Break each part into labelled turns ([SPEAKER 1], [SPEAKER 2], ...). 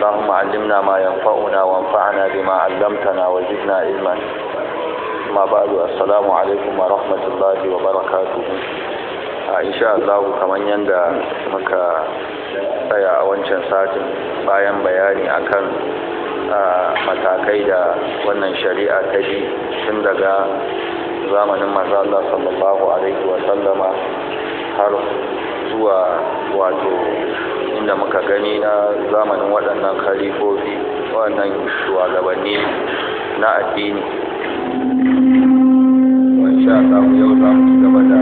[SPEAKER 1] اللهم علمنا ما ينفعنا وانفعنا بما علمتنا وزدنا علما ما بعد السلام عليكم ورحمة الله وبركاته إن شاء الله kamar yadda muka tsaya a wancan satin bayan bayani kan matakai da wannan shari'a ta bi tun daga zamanin mazalla sallallahu alaihi wasallama har zuwa wato abin da muka gani na zamanin waɗannan kalifofi waɗannan shugabanni na addini insha Allah yau za mu gaba da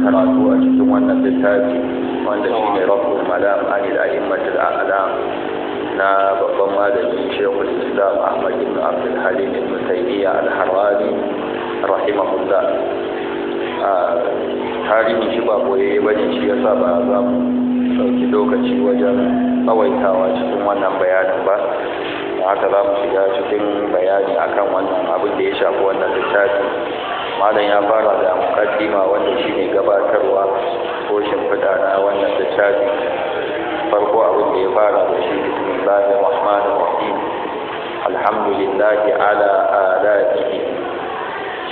[SPEAKER 1] karatu a cikin wannan littafi wanda shi ne rafu malam anil a'immatul a'lam na babban malami shehu islam ahmad ibn abdul halim ibn taymiya rahima harrani rahimahullah ah, tarihin shi ba boye ne shi yasa ba za mu ɗauki lokaci wajen tsawaitawa cikin wannan bayanin ba haka za mu shiga cikin bayani akan wannan abin da ya shafi wannan littafi malam ya fara da mukaddima wanda shi ne gabatarwa ko shimfiɗa na wannan littafi farko abin da ya fara da shi bismillahir rahmanir rahim alhamdulillahi ala ala'ihi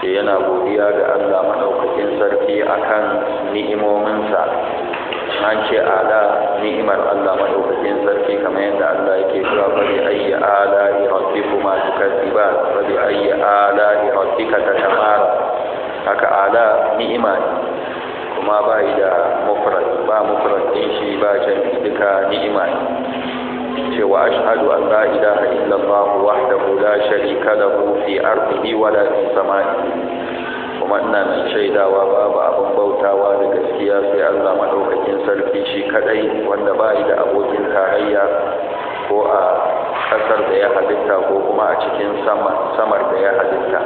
[SPEAKER 1] ce yana godiya ga Allah madaukakin sarki kan ni'imominsa an ce ala ni'imar Allah madaukakin sarki kamar yadda Allah yake cewa fa bi ayyi ala rabbikuma tukazziban fa bi ayyi ala rabbika tatamara haka ala ni'ima kuma ba yi da mufrad ba mufrad din shi ba can duka ni'ima cewa ashhadu an la ilaha illallah wahdahu la sharika lahu fi ardihi wa la fi samaihi kuma ina mai shaidawa babu abin bautawa da gaskiya sai Allah maɗaukakin sarki shi kadai wanda ba yi da abokin tarayya ko a ƙasar da ya halitta ko kuma a cikin samar da ya halitta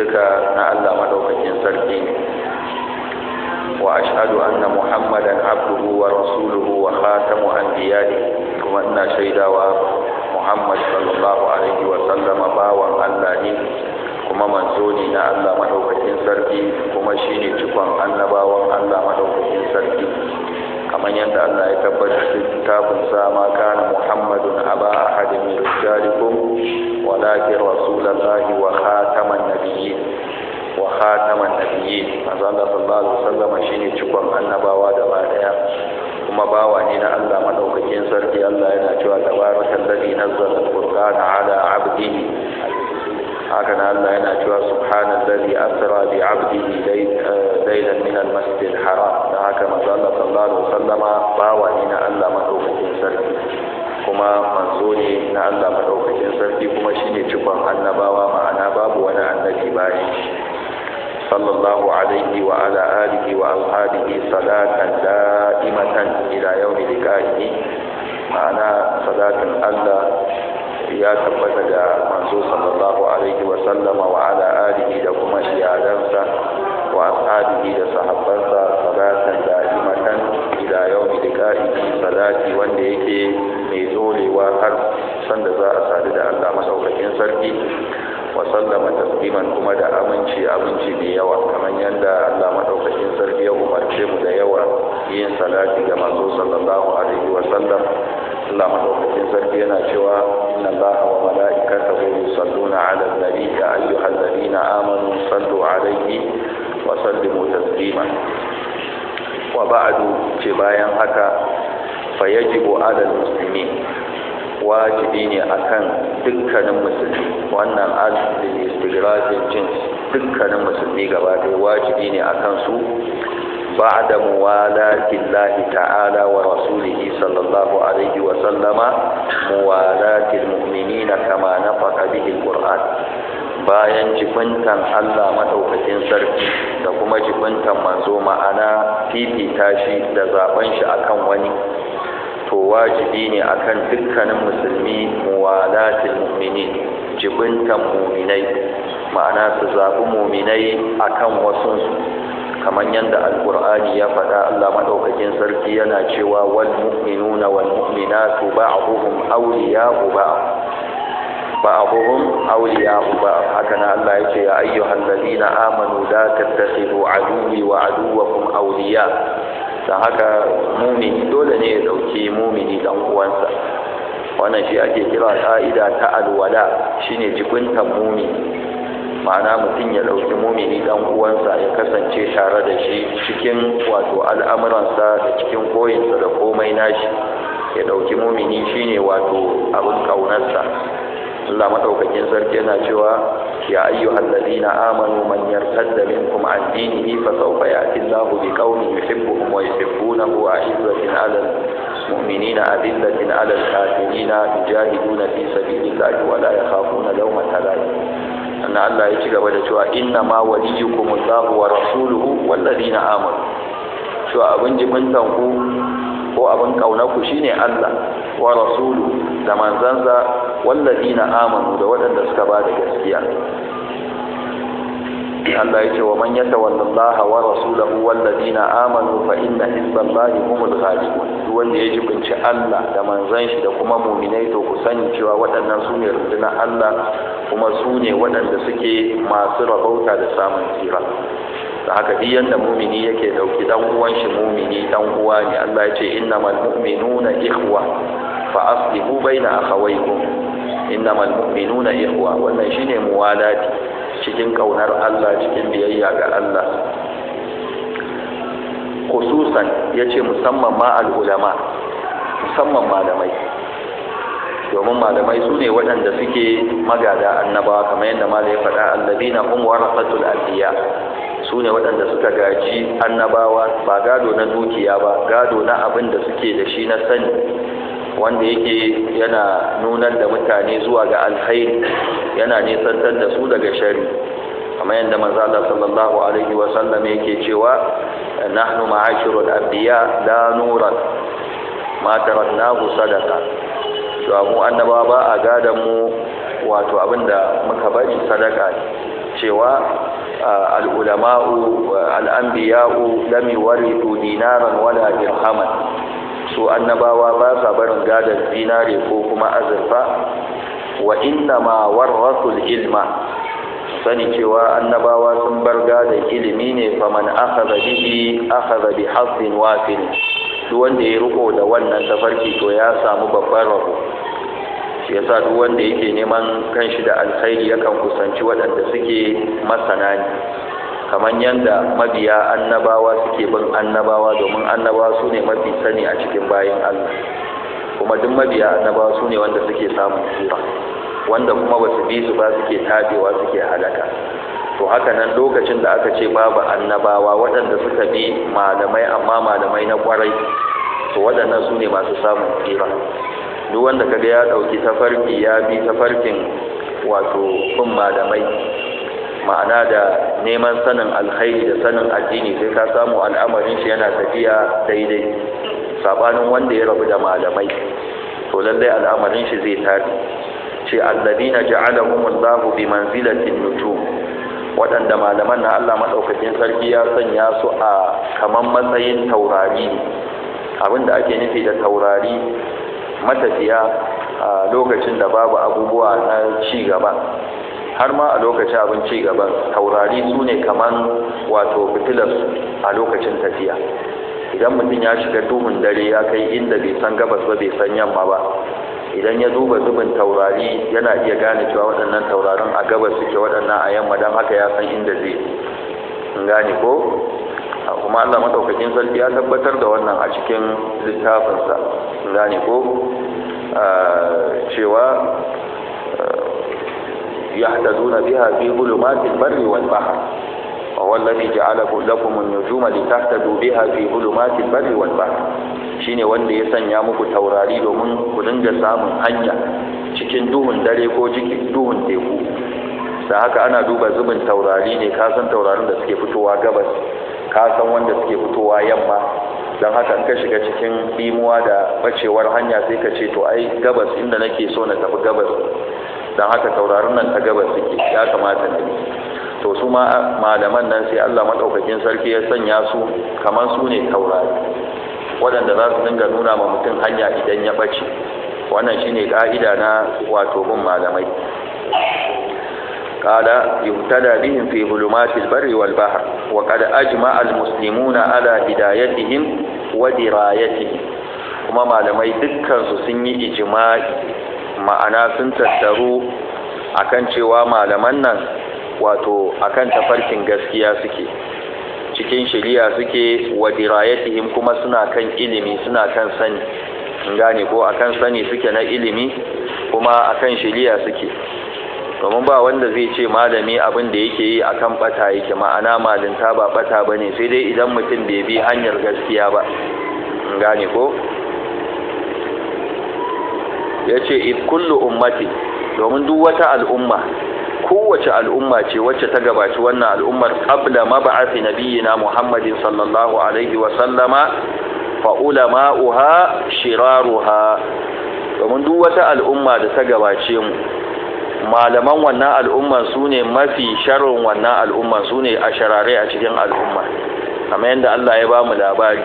[SPEAKER 1] duka na Allah maɗaukakin sarki ne wa ashhadu anna muhammadan abduhu wa rasuluhu wa khatamu anbiya'i kuma ina shaidawa muhammad sallallahu alaihi wa sallama bawan Allah ne kuma manzo ne na Allah madaukakin madaukakin sarki kuma shine cikon annabawan Allah madaukakin sarki kamar yadda Allah ya tabbatar kitabun sa ma kana Muhammadun aba ahadin min rijalikum walakin rasulullahi wa khataman nabiyyin wa khataman nabiyyin manzo Allah sallallahu alaihi wasallam shine cikon annabawa gaba daya kuma bawa ne na Allah madaukakin sarki Allah yana cewa tabarakal nazzala alqur'ana ala 'abdihi haka na Allah yana cewa subhanallazi asra bi 'abdihi eh, laylan min al-masjidil haram da haka manzo Allah sallallahu alaihi wasallama bawa na Allah madaukakin sarki kuma manzo ne na Allah madaukakin sarki kuma shine cikon annabawa ma'ana babu wani annabi bayan صلى الله عليه وعلى آله وأصحابه صلاة دائمة إلى يوم لقائه معنى صلاة الله ya tabbata da manzo sallallahu alaihi wa sallama wa ala alihi da kuma iyalansa wa ashabihi da sahabbansa da da'imatan ila yawmi liqa'ihi salati wanda yake mai zolewa har sanda za a sadu da Allah masaukakin sarki wa sallama tasliman kuma da aminci aminci da yawa kamar yadda Allah madaukakin sarki ya umarce mu da yawa yin salati ga manzo sallallahu alaihi wa sallam Allah madaukakin sarki yana cewa إن الله وملائكته يصلون على النبي يا أيها الذين آمنوا صلوا عليه وسلموا تسليما وبعد جبايا حتى فيجب على المسلمين wajibi ne akan dukkanin musulmi wannan al-istigrajin jins dukkanin musulmi gaba ɗaya wajibi ne akan su بعد موالاة الله تعالى ورسوله صلى الله عليه وسلم موالاة المؤمنين كما نطق به القرآن bayan jikuntan Allah madaukakin sarki da kuma jikuntan manzo ma'ana fifita shi da zaben shi akan wani to wajibi ne akan dukkanin musulmi muwalatil mu'minin jibintan mu'minai ma'ana su zaɓi mu'minai akan wasunsu kamar yadda alkur'ani ya faɗa Allah maɗaukakin sarki yana cewa wal mu'minuna wal mu'minatu ba'dhum awliya'u ba'd ba'dhum awliya'u ba'd haka nan Allah yake ya ayyuhal ladina amanu la tattakhidhu aduwwi wa aduwwakum awliya dan haka mumini dole ne ya dauki mumini dan uwansa wannan shi ake kira ka'ida ta alwala shine jibuntan mumini ma'ana mutum ya ɗauki mumini dan uwansa ya kasance tare da shi cikin wato al'amuransa da cikin koyinsa da komai nashi ya ɗauki mumini shine wato abin ƙaunarsa Allah madaukakin sarki yana cewa ya ayyuhal ladina amanu man yartadda minkum an dinihi fa sawfa ya'ti Allahu bi qaumin yuhibbuhum wa yuhibbunahu a'izzatin 'ala المؤمنين أذلة على الكافرين يجاهدون في سبيل الله ولا يخافون لومة لائم sannan Allah ya ci gaba da cewa inna ma waliyukum Allah wa rasuluhu wallazina amanu cewa abin jimintan ku ko abin kauna ku shine Allah wa rasuluhu da manzansa wallazina amanu da waɗanda suka ba da gaskiya Allah ya ce wa man yatawalla Laha wa rasulahu wal ladina amanu fa inna hizballahi humul ghalibun duk wanda ya jibinci Allah da manzon shi da kuma mu'minai to ku sani cewa waɗannan su ne rundunar Allah kuma su ne waɗanda suke masu rabauta da samun tsira da haka duk yanda mumini yake dauki dan uwan shi mumini dan uwa ne Allah ya ce innamal mu'minuna ikhwa fa aslihu baina akhawaykum innamal mu'minuna ikhwa wannan shine muwalati cikin ƙaunar Allah cikin biyayya ga Allah khususan ya ce musamman ma al'ulama musamman malamai domin malamai su ne waɗanda suke magada annabawa kamar yadda mala faɗa allabina hum warasatul anbiya su ne waɗanda suka gaji annabawa ba gado na dukiya ba gado na abin da suke da shi na sani wanda yake yana nunar da mutane zuwa ga alkhairi yana nisantar da su daga shari kamar yadda manzo sallallahu alaihi wa sallam yake cewa nahnu ma'ashirul anbiya la nuran ma tarannahu sadaqa to mu annaba ba a gadan mu wato abinda muka bari sadaka cewa al-ulama'u al-anbiya'u lam dinaran wala dirhaman su annabawa ba sa barin gadon zinare ko kuma azurfa wa inna ma warrasul ilma sani cewa annabawa sun bar gadon ilimi ne faman akhadha bihi akhadha bi hasbin wafin duk wanda ya riko da wannan tafarki to ya samu babbar rabo shi yasa duk wanda yake neman kanshi da alkhairi yakan kusanci waɗanda suke masana ne kamar yadda mabiya annabawa suke bin annabawa domin annabawa su ne mafi sani a cikin bayan Allah kuma duk mabiya annabawa su ne wanda suke samun tsira wanda kuma ba su bi su ba suke tabewa suke halaka to haka nan lokacin da aka ce babu annabawa waɗanda suka bi malamai amma malamai na kwarai to waɗannan su ne masu samun tsira duk wanda kaga ya ɗauki tafarki ya bi tafarkin wato bin malamai ma'ana da neman sanin alkhairi da sanin addini sai ka samu al'amarin shi yana tafiya daidai sabanin wanda ya rabu da malamai to lallai al'amarin shi zai tafi ce alladina ja'alahumullahu bi manzilatin nutu waɗanda malaman na Allah madaukakin sarki ya sanya su a kaman matsayin taurari abinda ake nufi da taurari matafiya a lokacin da babu abubuwa na ci gaba har ma a lokacin abin gaban taurari su ne kaman wato fitilar a lokacin tafiya idan mutum ya shiga duhun dare ya kai inda bai san gabas ba bai san yamma ba idan ya duba zubin taurari yana iya gane cewa waɗannan taurarin a gabas suke waɗannan a yamma don haka ya san inda zai gane ko kuma Allah madaukakin sarki ya tabbatar da wannan a cikin littafinsa gane ko ah, cewa ah, يهتدون بها في ظلمات البر والبحر وهو الذي جعل لكم النجوم لتهتدوا بها في ظلمات البر والبحر shine wanda ya sanya muku taurari domin ku dinga samun hanya cikin duhun dare ko cikin duhun teku da haka ana duba zubin taurari ne ka san taurarin da suke fitowa gabas ka san wanda suke fitowa yamma don haka ka shiga cikin dimuwa da bacewar hanya sai ka ce to ai gabas inda nake so na tafi gabas don haka taurarin nan ta gabas suke ya kamata ne to su ma malaman nan sai Allah Maɗaukakin sarki ya sanya su kamar su ne taurari waɗanda za su dinga nuna ma mutum hanya idan ya bace wannan shine ka'ida na wato bin malamai قال يهتدى بهم في ظلمات البر والبحر وقد أجمع المسلمون على هدايتهم ودرايتهم وما malamai dukkansu sun yi ijima'i. ma'ana sun tattaru akan cewa malaman nan wato akan tafarkin gaskiya suke cikin shari'a suke wa dirayatihim kuma suna kan ilimi suna kan sani gane ko akan sani suke na ilimi kuma akan shari'a suke domin ba wanda zai ce malami abin da yake yi akan bata yake ma'ana malinta ba bata ne sai dai idan mutum bai bi hanyar gaskiya ba gane ko ya ce in kullu ummati domin duk wata al'umma kowace al'umma ce wacce ta gabaci wannan al'ummar qabla mab'ath nabiyina Muhammadin sallallahu alaihi wa sallama fa ulama'uha shiraruha domin duk wata al'umma da ta gabace mu malaman wannan al'umma su ne mafi sharrin wannan al'umma su ne a sharare a cikin al'umma kamar yadda Allah ya ba mu labari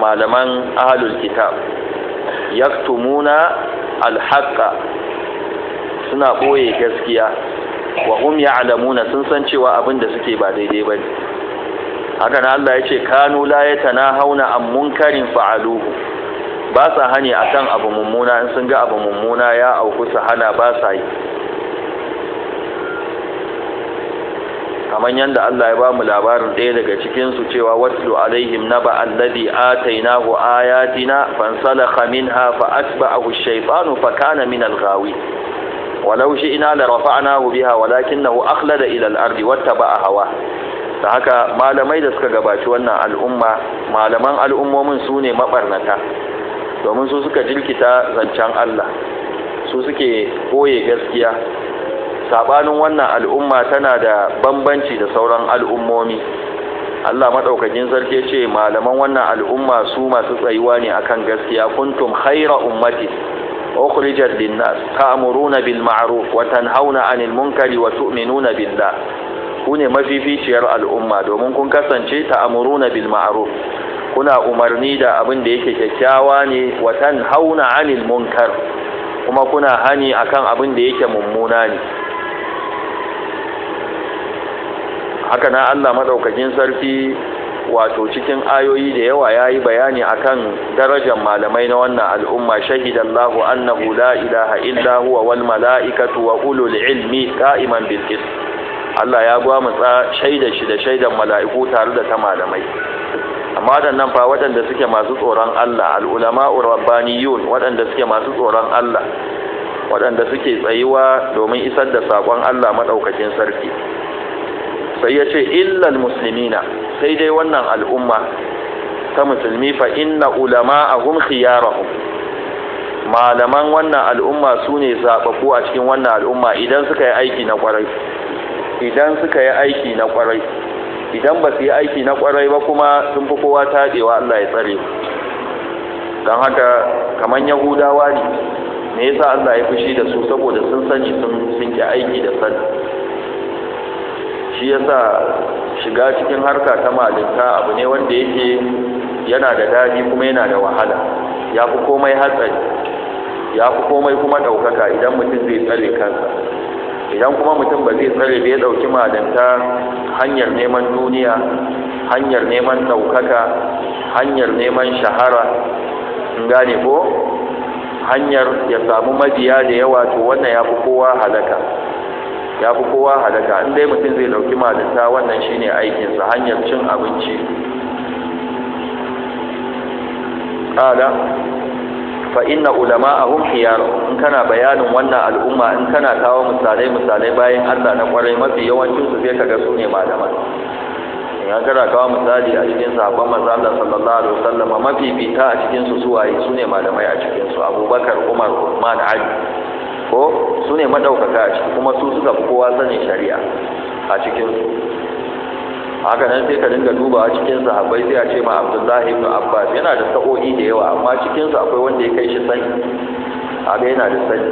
[SPEAKER 1] malaman ahlul kitab yaktumuna alhaqa suna ɓoye gaskiya wa hum ya'lamuna sun san cewa abin da suke ba daidai bane haka nan Allah ya ce kanu la hauna an munkarin fa'aluhu ba sa hani akan abu mummuna in sun ga abu mummuna ya auku su hana ba sa yi kamar yadda Allah ya ba mu labarin ɗaya daga cikin su cewa watlu alaihim ba alladhi atainahu ayatina fansalakha minha fa asba'ahu ash-shaytanu fa kana min al-ghawi walau shi'na la rafa'nahu biha walakinahu akhlada ila al-ardi wattaba'a hawa da haka malamai da suka gabaci wannan al'umma malaman al'ummomin su ne mabarnata domin su suka jirkita zancen Allah su suke koye gaskiya sabanin wannan al'umma tana da bambanci da sauran al'ummomi Allah madaukakin sarki ce malaman wannan al'umma su masu tsayuwa ne akan gaskiya kuntum khaira ummati ukhrijat linnas ta'muruna bil ma'ruf wa tanhauna 'anil munkari wa tu'minuna billah ku ne mafificiyar al'umma domin kun kasance ta'muruna bil ma'ruf kuna umarni da abin da yake kyakkyawa ne wa tanhauna 'anil munkar kuma kuna hani akan abin da yake mummuna ne haka na Allah madaukakin sarki wato cikin ayoyi da yawa yayi bayani akan darajar malamai na wannan al'umma shahidallahu annahu la ilaha illa huwa wal malaikatu wa ulul ilmi qa'iman bil qist Allah ya gwamutsa shaida shi da shaidan mala'iku tare da ta malamai amma waɗannan fa waɗanda suke masu tsoron Allah al'ulama'ur rabbaniyun waɗanda suke masu tsoron Allah waɗanda suke tsayuwa domin isar da saƙon Allah maɗaukakin sarki sai ya ce illal muslimina sai dai wannan al'umma ta musulmi fa inna ulama ya khiyarahum malaman wannan al'umma su ne zaɓaɓɓu a cikin wannan al'umma idan suka yi aiki na ƙwarai idan suka yi aiki na ƙwarai idan ba su yi aiki na ƙwarai ba kuma sun fi kowa taɗewa Allah ya tsare don haka kamar yahudawa ne me yasa Allah ya fushi da su saboda sun sani sun sun aiki da sani shi yasa shiga cikin harka ta malinta abu ne wanda yake yana da daɗi kuma yana da wahala ya fi komai hatsari ya fi komai kuma ɗaukaka idan mutum zai tsare kansa idan kuma mutum ba zai tsare bai ɗauki malinta hanyar neman duniya hanyar neman ɗaukaka hanyar neman shahara in gane ko hanyar ya samu mabiya da yawa to wannan ya fi kowa halaka ya fi kowa halaka in dai mutum zai dauki malinta wannan shine aikinsa hanyar cin abinci qala fa ulama a hukiyar in kana bayanin wannan al'umma in kana kawo misalai misalai bayan Allah na kwarai mafi yawancin su sai kaga su ne malaman in kana kawo misali a cikin sabon mazalar sallallahu alaihi wasallam mafi fita a cikin su suwaye su ne malamai a cikin su Abubakar Umar Uthman Ali ko su ne maɗaukaka a ciki kuma su suka fi kowa sanin shari'a a cikinsu haka nan sai ka dinga dubawa cikin sahabbai sai a ce ma abdullahi ibn abbas yana da sa'o'i da yawa amma cikinsu akwai wanda ya kai shi sani haka yana da sani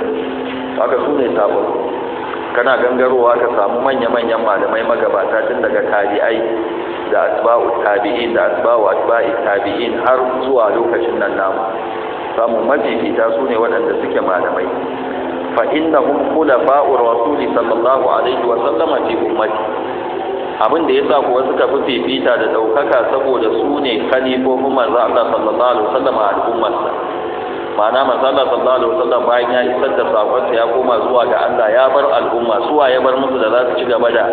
[SPEAKER 1] haka su ne sabon kana gangarowa ka samu manya-manyan malamai magabata tun daga tabi'ai da asba'u tabi'in da asba'u asba'i tabi'in har zuwa lokacin nan namu samu mafifita su ne waɗanda suke malamai fa innahum khulafa'ur rasuli sallallahu alaihi wa sallama fi ummati abin da yasa kuwa suka fi fifita da daukaka saboda su ne kalifofin manzo Allah sallallahu alaihi wa sallama a al'ummarsa ma'ana manzo Allah sallallahu alaihi wa bayan ya isar da sakonsa ya koma zuwa ga Allah ya bar al'umma suwa ya bar musu da za su ci gaba da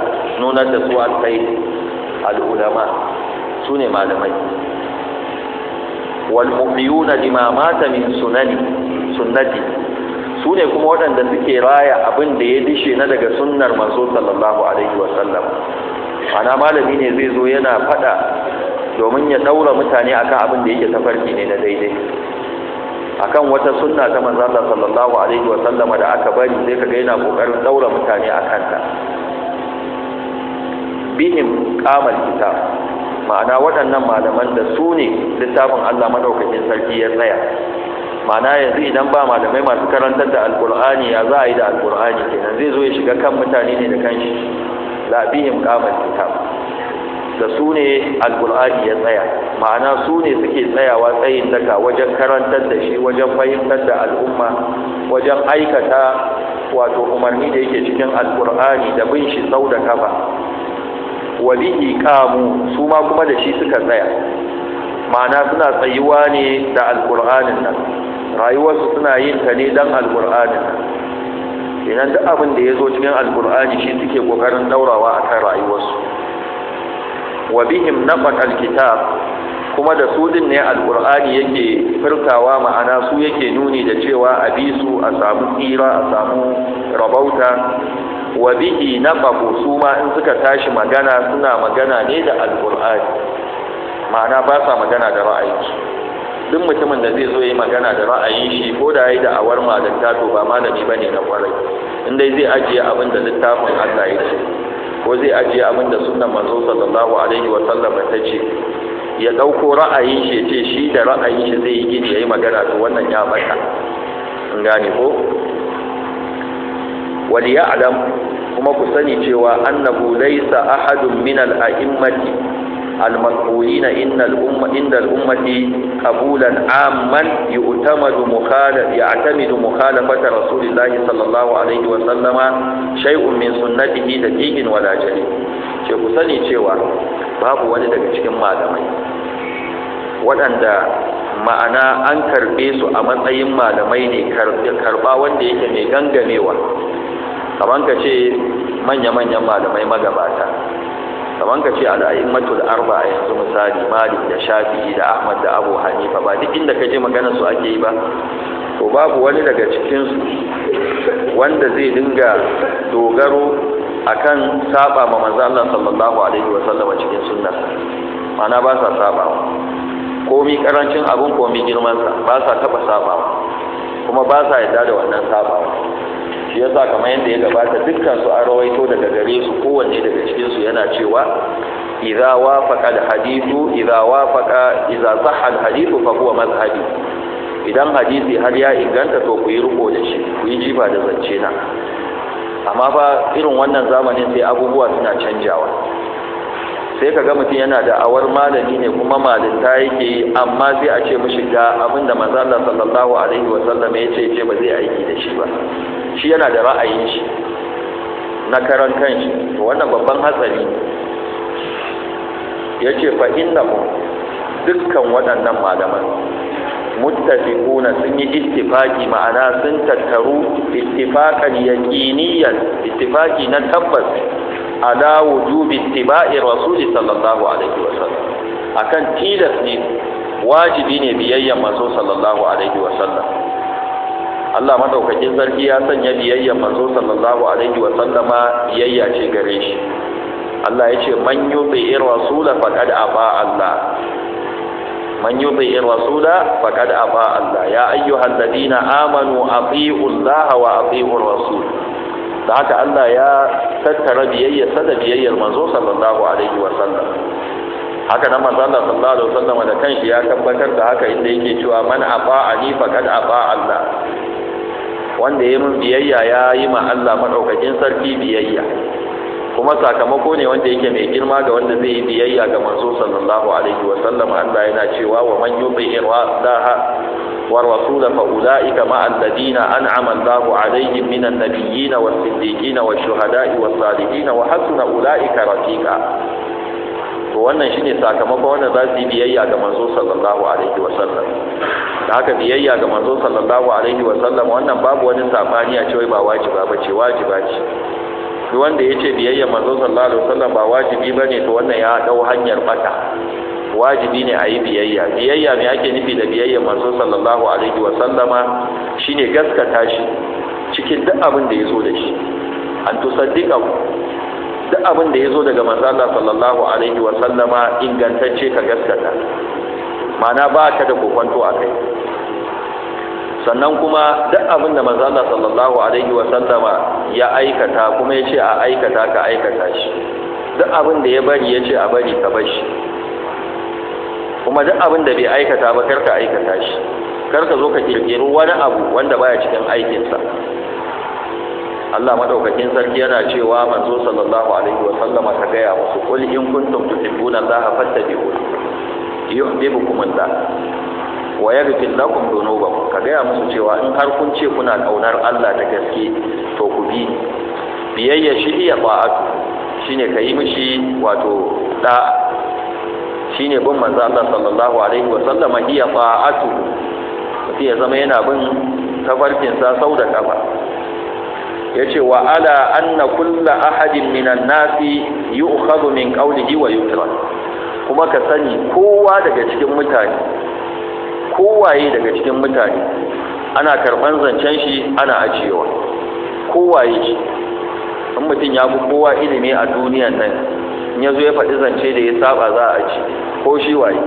[SPEAKER 1] nunar da su alkai al'ulama su ne malamai wal mu'minuna lima mata min sunani sunnati su kuma waɗanda suke raya abin da ya dishe na daga sunnar manzo sallallahu alaihi wa sallam ana malami ne zai zo yana faɗa domin ya daura mutane akan abin da yake tafarki ne na daidai akan wata sunna ta manzo sallallahu alaihi wa sallam da aka bari sai kaga yana kokarin daura mutane akan ta bihim qamal kitab ma'ana waɗannan malaman da su ne littafin Allah madaukakin sarki ya tsaya ma'ana yanzu idan ba malamai masu karantar da alkur'ani ya za a yi da alkur'ani kenan zai zo ya shiga kan mutane ne da kanshi labihim qamar kitab da su ne alkur'ani ya tsaya ma'ana su ne suke tsayawa tsayin daga wajen karantar da shi wajen fahimtar da al'umma wajen aikata wato umarni da yake cikin alkur'ani da bin shi sau da kafa wa bihi su ma kuma da shi suka tsaya ma'ana suna tsayuwa ne da Alkur'anin nan rayuwarsu suna yin ta ne dan Alkur'anin nan idan duk abin da ya zo cikin Alkur'ani shi suke kokarin daurawa akan rayuwarsu wa bihim nafaq alkitab kuma da su din ne alqur'ani yake firkawa ma'ana su yake nuni da cewa a bi su a samu tsira a samu rabauta wa bihi naqabu su ma in suka tashi magana suna magana ne da alqur'ani ma'ana ba sa magana da ra'ayi duk mutumin da zai zo yi magana da ra'ayi shi ko da yayi da awar malanta to ba malami bane na kwarai in dai zai ajiye abin da littafin Allah ya ce ko zai ajiye abin da sunnan manzo sallallahu alaihi wa sallam ta ce ya dauko ra'ayin shi ce shi da ra'ayi shi zai yi gini yi magana to wannan ya bata in gane ko Wani ya ya'lam kuma ku sani cewa annahu laysa ahadun min al a'immati al mas'ulina inna umma inda al ummati qabulan amman yu'tamadu mukhalaf ya'tamidu mukhalafata rasulillahi sallallahu alaihi wa sallama shay'un min sunnatihi daqiqin wala jali ce ku sani cewa babu wani daga cikin malamai waɗanda ma'ana an karɓe su a matsayin malamai ne karɓa wanda yake mai gangamewa kaman ka ce manya-manyan malamai magabata kaman ka ce al'a'immatul arba yanzu misali malik da Shafi da ahmad da abu hanifa ba duk inda ka je magana su ake yi ba to babu wani daga cikinsu wanda zai dinga dogaro akan saba ma manzo Allah sallallahu alaihi wa sallama cikin sunna mana ba sa sabawa komi karancin abun komi girman sa ba sa taba sabawa kuma ba sa yadda da wannan sabawa shi yasa kamar yadda ya gabata dukkan su an rawaito daga gare su kowanne daga cikin su yana cewa idza wafaqa alhadithu idza wafaqa idza sahha fa huwa mazhabi idan hadisi har ya inganta to ku yi riko da shi ku yi jifa da zance na amma fa irin wannan zamanin sai abubuwa suna canjawa sai ka ga mutum yana da awar malami ne kuma malinta yake yi amma sai a ce mishi ga abin da manzo sallallahu alaihi wa sallam ya ce ce ba zai aiki da shi ba shi yana da ra'ayin shi na karan kanshi wannan babban hatsari yace fa inna dukkan waɗannan malaman muttafiquna sun yi ittifaqi ma'ana sun tattaru ittifaqan yaqiniyan ittifaqi na tabbas ala wujubi ittiba'i rasul sallallahu alaihi wasallam akan tilas ne wajibi ne biyayyan manzo sallallahu alaihi wasallam Allah madaukakin sarki ya sanya biyayyan manzo sallallahu alaihi wasallama biyayya ce gare shi Allah ya ce man yuti rasula faqad aba Allah من يطيع الرسول فقد أطاع الله يا أيها الذين آمنوا أطيعوا الله وأطيعوا الرسول da haka Allah ya tattara biyayyarsa da biyayyar manzo sallallahu alaihi wa sallam haka nan manzo Allah sallallahu alaihi da kanshi ya tabbatar da haka inda yake cewa man afa'a ni faqad afa Allah wanda ya min biyayya ya yi ma Allah madaukakin sarki biyayya kuma sakamako ne wanda yake mai girma ga wanda zai yi biyayya ga manzo sallallahu alaihi wa sallam Allah yana cewa wa man yuti irwadaha wa rasula fa ulaika ma alladina an'ama Allahu alaihim minan nabiyyin was siddiqin was shuhada'i was salihin wa hasuna ulaika rafiqa to wannan shine sakamakon wanda za su yi biyayya ga manzo sallallahu alaihi wa sallam da haka biyayya ga manzo sallallahu alaihi wa sallam wannan babu wani sabani a cewa ba wajiba ba ce wajiba ce shi wanda ya ce biyayya manzo sallallahu alaihi wasallam ba wajibi bane to wannan ya dau hanyar bata wajibi ne a yi biyayya biyayya me ake nufi da biyayya manzo sallallahu alaihi wasallama shine gaskata shi cikin duk abin da ya zo da shi an tusaddiqa duk abin da ya zo daga manzo Allah sallallahu alaihi wasallama ingantacce ka gaskata ma'ana ba ka da kokonto a kai sannan kuma duk abin da manzo Allah sallallahu alaihi wa sallama ya aikata kuma ya ce a aikata ka aikata shi duk abin da ya bari ya ce a bari ka bar shi kuma duk abin da bai aikata ba karka aikata shi karka zo ka kirkiri wani abu wanda baya cikin aikinsa Allah madaukakin sarki yana cewa manzo sallallahu alaihi wa sallama ka gaya musu kul in kuntum tuhibbuna Allah fattabi'u yuhibbukum Allah wa yaghfir lakum dhunubakum ka gaya musu cewa in har kun ce kuna kaunar Allah da gaske to ku bi biyayya shi shi ba'atu ka yi mishi wato da ne bin manzo Allah sallallahu alaihi wa sallama hiya ba'atu sai ya zama yana bin tafarkin sa sau da kafa ce, wa ala anna kulla ahadin minan nasi yu'khadhu min qawlihi wa yutrak kuma ka sani kowa daga cikin mutane kowaye daga cikin mutane ana karban zancen shi ana ajiyewa kowaye shi in mutum ya fi kowa ilimi a duniyan nan in ya zo ya faɗi zance da ya saba za a ci ko shi waye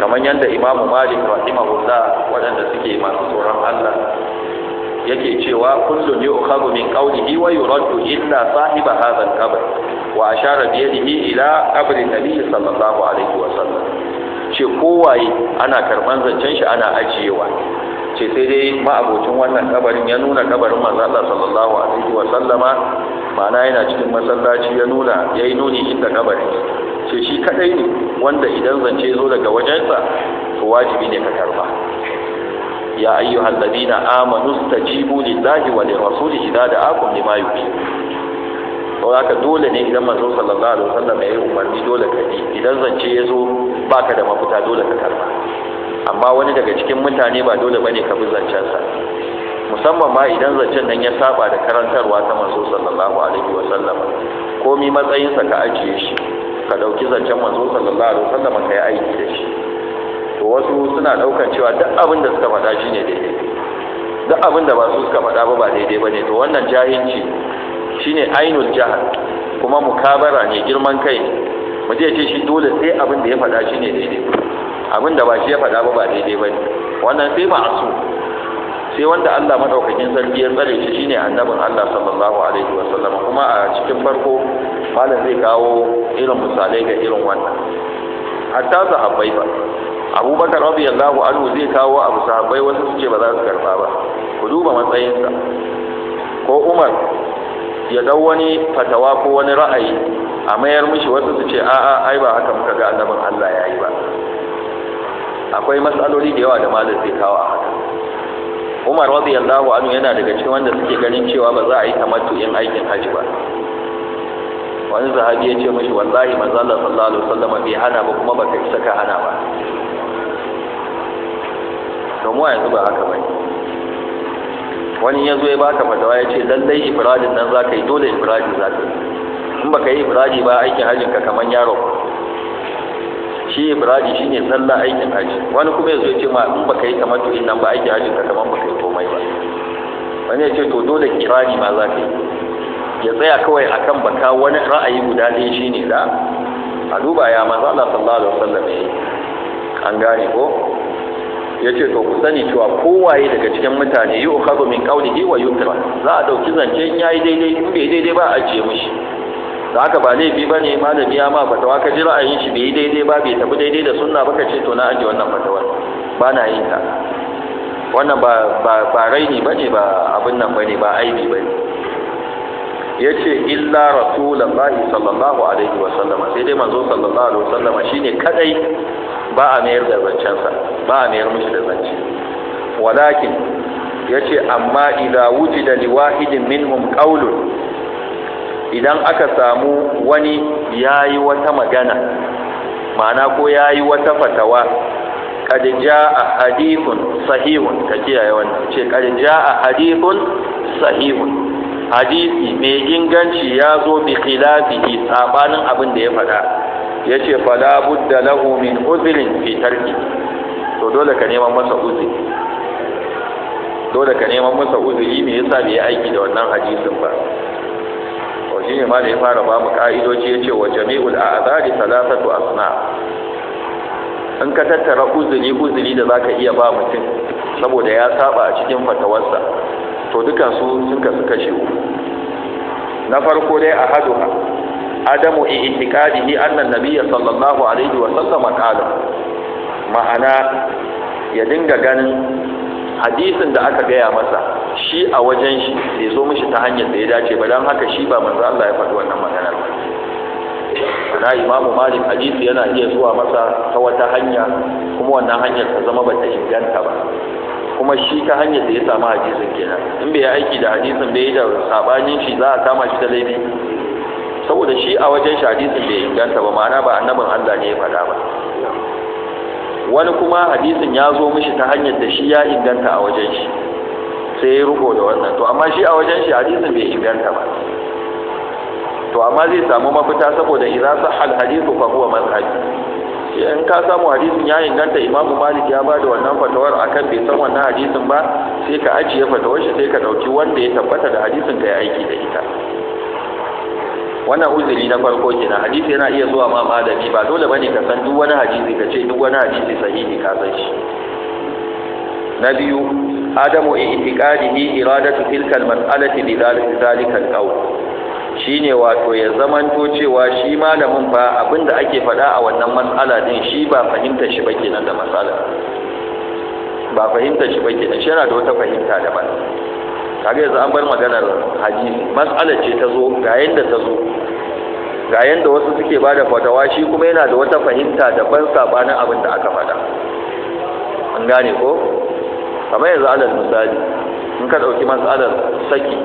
[SPEAKER 1] kamar yadda imamu malik rahimahullah waɗanda suke masu tsoron allah yake cewa kullun yu'khadhu min qawlihi wa yuraddu illa sahiba hadha al-qabr wa ashara bi yadihi ila qabri nabi sallallahu alaihi wa sallam ce kowaye ana karban zancen shi ana ajiyewa ce sai dai ma'abocin wannan kabarin ya nuna kabarin manzala sallallahu alaihi wa sallama na yana cikin masallaci ya nuna ya yi nuni inda kabarin ce shi kadai ne wanda idan zance zo daga wajensa to wajibi ne ka karba ya ayyuhal ladina amanu stajibu lillahi wa lirrasuli idza da'akum lima yuhibbu to haka dole ne idan manzo sallallahu alaihi wasallam ya yi umarni dole ka bi idan zance ya zo baka da mafita dole ka karba amma wani daga cikin mutane ba dole bane ka bi zancensa musamman ma idan zancen nan ya saba da karantarwa ta manzo sallallahu alaihi wasallam komi matsayinsa ka ajiye shi ka dauki zancen manzo sallallahu alaihi wasallam ka yi aiki da shi to wasu suna daukar cewa duk abin da suka faɗa shine daidai duk abin da ba su suka faɗa ba ba daidai bane to wannan jahilci shine ainul jahal kuma mukabara ne girman kai mu je ce shi dole sai abin da ya faɗa ne daidai abin da ba shi ya faɗa ba ba daidai bane wannan sai ba su sai wanda Allah madaukakin sarki ya tsare shi shine annabin Allah sallallahu alaihi sallam kuma a cikin farko malam zai kawo irin misalai ga irin wannan hatta sahabbai ba abubakar radiyallahu anhu zai kawo abu sahabbai wasu suke ce ba za su karba ba ku duba matsayinsa ko umar ya dau wani fatawa ko wani ra'ayi a mayar mishi wasu su ce a'a ai ba haka muka ga annabin Allah ya yi ba akwai matsaloli da yawa da malam zai kawo a haka Umar radiyallahu anhu yana daga cikin wanda suke ganin cewa ba za a yi tamattu in aikin haji ba wani zahabi ya ce mashi wallahi manzo Allah sallallahu alaihi wasallam bai hana ba kuma baka isa ka hana ba domin yanzu ba haka bane wani ya zo ya baka fatawa ya ce lallai Ibrahim nan za ka yi dole Ibrahim za ka yi in baka yi Ibrahim ba aikin hajjin ka kamar yaro shi shi shine zalla aikin hajji wani kuma ya zo ya ce ma in baka yi kamar to nan ba aikin hajjin ka kamar baka yi komai ba wani ya ce to dole kirani ma za ka yi ya tsaya kawai akan baka wani ra'ayi guda ɗaya shine da a duba ya manzo Allah sallallahu alaihi wasallam yayi an gane ko ya ce to ku sani cewa kowaye daga cikin mutane yi ukhadu min qawlihi wa yuntara za a dauki zance in yayi daidai in bai daidai ba a ce mishi da haka ba laifi ba ne malami ya ma fatawa ka ji ra'ayin shi bai daidai ba bai tafi daidai da sunna ba ka ce to na aje wannan fatawar ba na yin ta wannan ba ba ba raini bane ba abin nan bane ba aibi bane yace illa rasulullahi sallallahu alaihi wasallam sai dai manzo sallallahu alaihi wasallam shine kadai ba a mayar da zancensa ba a mayar mishi da zance walakin yace amma idan wuji da liwahidin minhum ƙaulun idan aka samu wani ya yi wata magana ma'ana ko ya yi wata fatawa قد جاء حديث صحيح كجيا wannan, شيء ƙadija a حديث sahihun hadisi mai inganci ya zo bi khilafihi tsabanin abin da ya faɗa ce, fala budda lahu min uzirin fitar ki, to dole ka neman masa uzuri dole ka neman masa uzuri me yasa bai aiki da wannan hadisin ba to shine ma da ya fara ba mu ya yace wa jami'ul a'dadi thalathatu asna in ka tattara uzuri uzuri da zaka iya ba mutum saboda ya saba a cikin fatawarsa to dukansu suka sun shi. na farko dai a haduha adamu i'tiqadihi anna nabiyya sallallahu alaihi wa sallam qala ma'ana ya dinga ganin hadisin da aka gaya masa shi a wajen shi bai zo mishi ta hanyar da ya dace ba dan haka shi ba manzo Allah ya faɗi wannan magana ba na imamu malik hadisi yana iya zuwa masa ta wata hanya kuma wannan hanyar ta zama bata inganta ba kuma shi ta hanyar da ya samu hadisin kenan in bai aiki da hadisin bai da sabanin shi za a kama shi da laifi saboda shi a wajen shi hadisin bai inganta ba ma'ana ba annabin Allah ne ya faɗa ba wani kuma hadisin ya zo mishi ta hanyar da shi ya inganta a wajen shi sai ya ruko da wannan to amma shi a wajen shi hadisin bai inganta ba to amma zai samu mafita saboda idan hal hadisu fa huwa mazhabi in ka samu hadisin ya inganta imamu malik ya bada wannan fatawar akan bai san wannan hadisin ba sai ka ajiye fatawar shi sai ka dauki wanda ya tabbata da hadisin ka ya aiki da ita wannan uzuri na farko kenan hadisi yana iya zuwa ma malami ba dole bane ka san duk wani hadisi ka ce duk wani hadisi sahihi ka san shi na biyu adamu ni iradatu tilkal mas'alati bi zalika al-qawl shine wato ya zamanto cewa shi malamin fa abinda ake faɗa a wannan mas'ala din shi ba fahimtar shi ba kenan da mas'ala ba fahimtar shi ba kenan shi yana da wata fahimta daban kaga yanzu an bar maganar haji mas'alar ce ta zo ga yanda ta zo ga yanda wasu suke bada fatawa shi kuma yana da wata fahimta da ban sabanin abin da aka faɗa an gane ko kamar yanzu alal misali in ka ɗauki mas'alar saki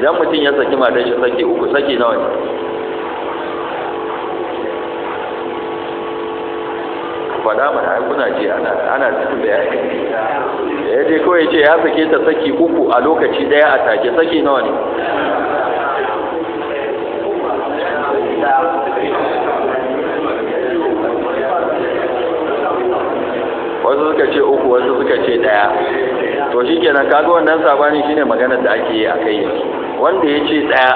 [SPEAKER 1] idan mutum ya saki matar shi saki uku saki nawa ne faɗa mana ai kuna ji ana ana cikin da ya je kawai ce ya sake ta saki uku a lokaci daya a take saki nawa ne wasu suka ce uku wasu suka ce daya to shi kenan kaga wannan sabani shine maganar da ake yi a kai wanda ya ce daya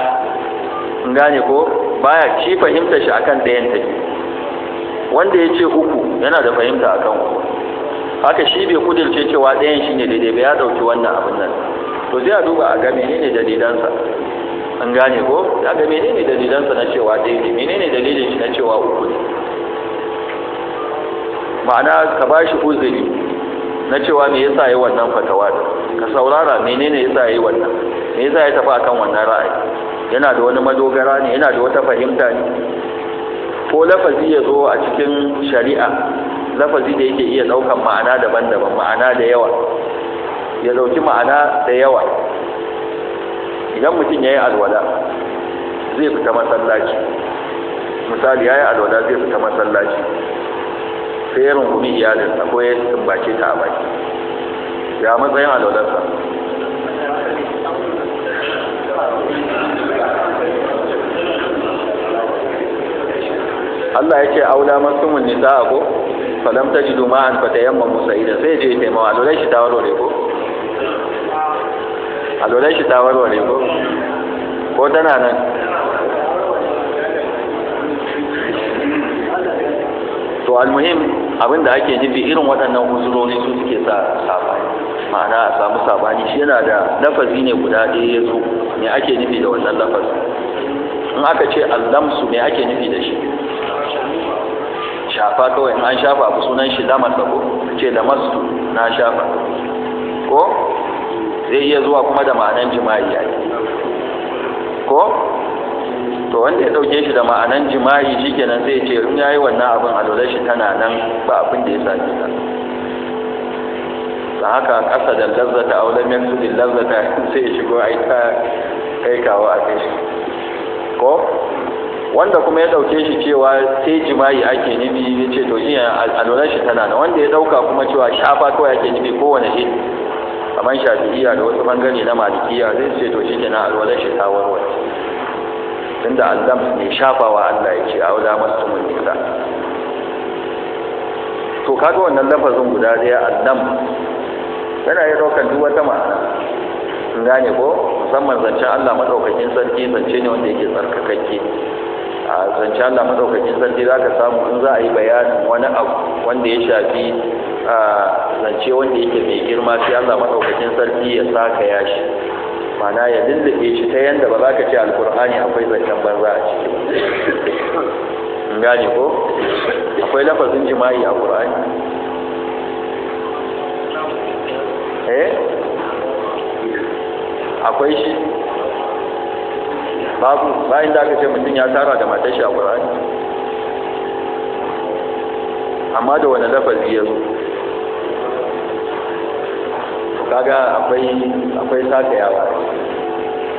[SPEAKER 1] in gane ko baya ci fahimta shi akan dayan take wanda ya ce uku yana da fahimta a kan haka shi bai kudirce cewa ɗayan shi ne daidai ba ya ɗauki wannan abin nan to zai a duba a ga menene dalilansa an gane ko ya ga menene dalilansa na cewa ɗaya ne menene dalilin shi na cewa uku ne ma'ana ka ba shi uzuri na cewa me yasa yi wannan fatawa ka saurara menene yasa yi wannan me yasa ya tafi akan wannan ra'ayi yana da wani madogara ne yana da wata fahimta ne ko lafazi ya zo a cikin shari'a lafazi da yake iya ɗaukan ma'ana daban-daban ma'ana da yawa ya ɗauki ma'ana da yawa idan mutum ya yi alwala zai fita masallaci misali ya yi alwala zai fita masallaci sai ya rungumi iyalinsa ko ya sumbace ta a baki ya matsayin alwalarsa Allah ya ce aula masumun nisa ko falam tajidu yamma fatayamma musaidan sai je mawa alolai shi ta warware ko alolai shi ta warware ko ko tana nan to almuhim abinda ake nufi irin waɗannan uzurori su suke sa sabani ma'ana a samu sabani shi yana da lafazi ne guda ɗaya ya zo me ake nufi da wannan lafazi in aka ce allamsu me ake nufi da shi shafa kawai an shafa abu sunan shi damar da ko ce da masu na shafa ko zai iya zuwa kuma da ma'anan jima'i ya ko to wanda ya dauke shi da ma'anan jima'i shikenan zai ce in yayi wannan abin a dole shi tana nan ba abin da ya sani ta da haka kasa da lazzata a wajen yanzu da lazzata sai ya shigo a yi ta kai kawo a kai shi ko wanda kuma ya dauke shi cewa sai jima'i ake nufi ya ce to iya alwalar shi tana nan wanda ya dauka kuma cewa shafa kawai ake nufi kowane shi kamar shafi'iya da wasu bangare na malikiya zai ce to shi kenan alwalar shi ta warware tunda aldam ne shafawa Allah ya ce a wada masu mun nisa to kaga wannan lafazin guda daya aldam yana yin daukan duk wata ma'ana in gane ko musamman zancen Allah madaukakin sarki zance ne wanda yake tsarkakakke a zance Allah madaukakin sarki zaka samu in za a yi bayanin wani abu wanda ya shafi a zance wanda yake mai girma sai Allah madaukakin sarki ya saka ya shi mana ya lullube shi ta yanda ba za ka ce alkur'ani akwai zancen banza a ciki in gane ko akwai lafazin jima'i a qur'ani eh akwai shi babu bayan da aka ce mutum ya tara da matashi a ƙur'ani amma da wani lafazi ya zo kaga akwai akwai saka yawa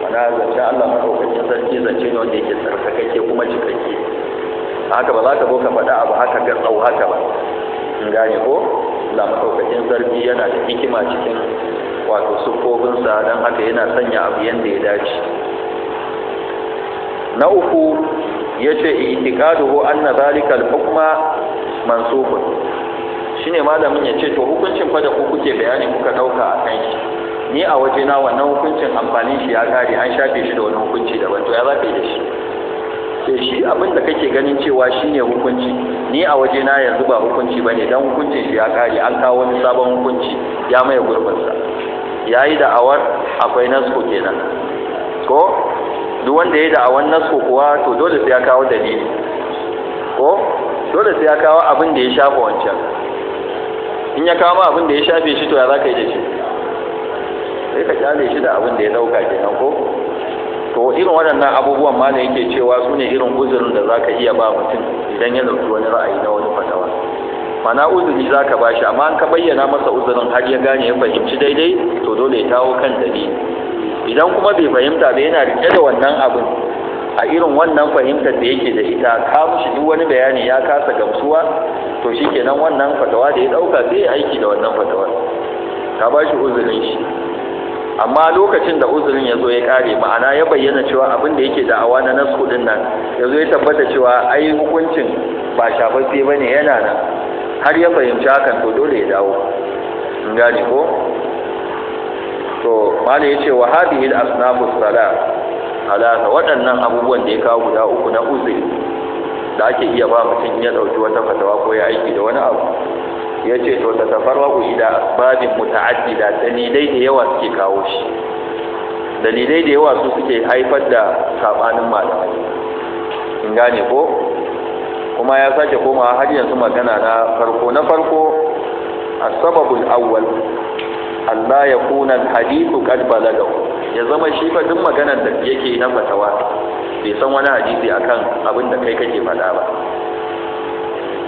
[SPEAKER 1] wanda zance Allah madaukakin sarki zance ne wanda yake tsarkakakke kuma cikakke haka ba za ka zo ka faɗa abu haka ga tsawo haka ba in gane ko Allah madaukakin sarki yana da hikima cikin wato sufofinsa don haka yana sanya abu yadda ya dace na uku ya yace i'tiqaduhu anna zalika al-hukma mansubun shine malamin ya ce to hukuncin fa da ku kuke bayani kuka dauka a kai ni a waje na wannan hukuncin amfanin shi ya kare an shafe shi da wani hukunci daban to ya zafe da shi sai shi abin da kake ganin cewa shine hukunci ni a waje na yanzu ba hukunci bane dan hukuncin shi ya kare an kawo wani sabon hukunci ya maye gurbinsa yayi da awar akwai nasko kenan ko duk wanda ya da'awar nasu kuwa to dole sai ya kawo dalili ko dole sai ya kawo abin da ya shafa wancan in ya kawo abin da ya shafe shi to ya za ka yi da shi sai ka kyale shi da abin da ya dauka kenan ko to irin waɗannan abubuwan ma da yake cewa su ne irin uzurin da za ka iya ba mutum idan ya ɗauki wani ra'ayi na wani fatawa mana uzuri za ka ba shi amma an ka bayyana masa uzurin har ya gane ya fahimci daidai to dole ya kawo kan dalili idan kuma bai fahimta ba yana rike da wannan abin a irin wannan fahimtar da yake da ita ka mushi duk wani bayani ya kasa gamsuwa to shikenan wannan fatawa da ya dauka sai aiki da wannan fatawar ka ba shi uzurin shi amma lokacin da uzurin ya zo ya kare ma'ana ya bayyana cewa abin da yake da awa na nasu din nan ya zo ya tabbata cewa ai hukuncin ba shafaffe ba ne yana nan har ya fahimci hakan to dole ya dawo in gane ko to malai yace wa hadhihi al-asnabu salat ala waɗannan abubuwan da ya kawo guda uku na uzuri da ake iya ba mutum ya dauki wata fatawa ko ya aiki da wani abu yace to ta tafarraqu ila asbabin muta'addida dalilai da yawa suke kawo shi dalilai da yawa su suke haifar da sabanin malamai in gane ko kuma ya sake komawa har yanzu magana na farko na farko asbabul awwal Allah ya kuna hadithu qad balagau, ya zama shi fa duk maganar da yake na fatawa bai san wani hadisi akan abin da kai kake faɗa ba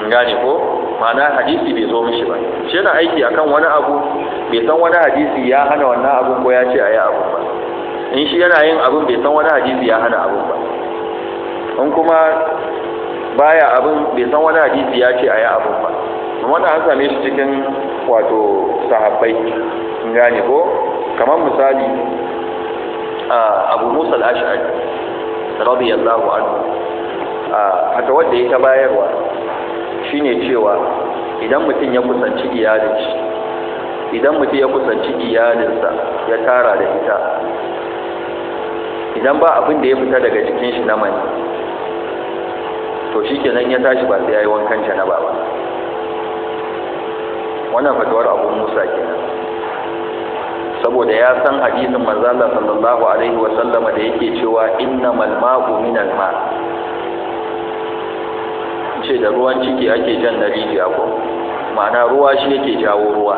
[SPEAKER 1] gane ko ma'ana hadisi bai zo mishi ba shi yana aiki akan wani abu bai san wani hadisi ya hana wannan abun ko ya ce a yi abu ba in shi yana yin abun bai san wani hadisi ya hana abun ba in kuma baya abun bai san wani hadisi ya ce a yi abun ba wannan an same shi cikin wato sahabbai in gane ko kamar misali abu musa al-ash'ari radiyallahu anhu haka wanda ya ta bayarwa shine cewa idan mutum ya kusanci iyalin shi idan mutum ya kusanci iyalinsa ya tara da ita idan ba abin da ya fita daga jikin shi na mani to shi kenan ya tashi ba sai ya yi wankan ba ba wannan fatuwar abu musa kenan saboda ya san hadisin manzo Allah sallallahu alaihi wa sallama da yake cewa innamal ma'u minal ma ce da ruwan ciki ake jan na rijiya ko ma'ana ruwa shi yake jawo ruwa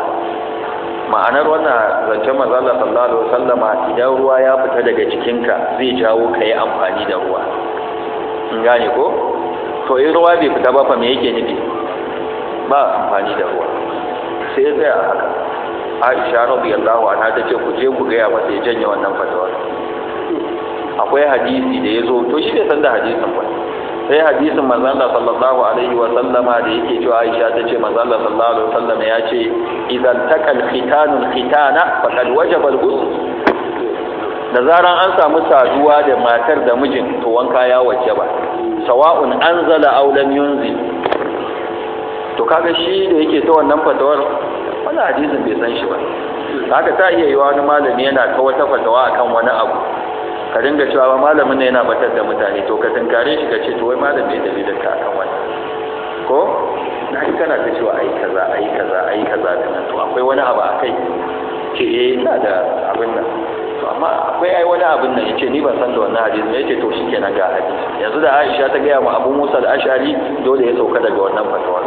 [SPEAKER 1] ma'anar wannan zance manzo Allah sallallahu alaihi wa sallama idan ruwa ya fita daga cikinka zai jawo ka yi amfani da ruwa in gane ko to in ruwa bai fita ba fa me yake nufi ba amfani da ruwa sai ya tsaya haka aisha radiyallahu Ana ta ce ku je ku gaya masa ya janye wannan fatawa akwai hadisi da ya zo to shi bai san da hadisin ba sai hadisin manzon Allah sallallahu alaihi wa sallama da yake cewa Aisha ta ce manzon Allah sallallahu alaihi wa sallama ya ce idan taqal khitanul khitana faqad wajaba al-ghusl da zaran an samu saduwa da matar da mijin to wanka ya wajaba sawa'un anzala aw lam yunzil to kaga shi da yake ta wannan fatawar Wani hadisin bai san shi ba haka ta iya yiwa wani malami yana ta wata fatawa akan wani abu ka dinga cewa malamin ne yana batar da mutane to ka tunkare shi ka ce to wai malami ya dalilin ka akan wani ko na yi kana ta cewa ai kaza ai kaza ai kaza da nan to akwai wani abu a kai ce eh ina da abin nan to amma akwai ai wani abin nan yace ni ban san da wannan hadisi yace to shikenan ga hadisi yanzu da Aisha ta ga mu Abu Musa al-Ash'ari dole ya sauka daga wannan fatawa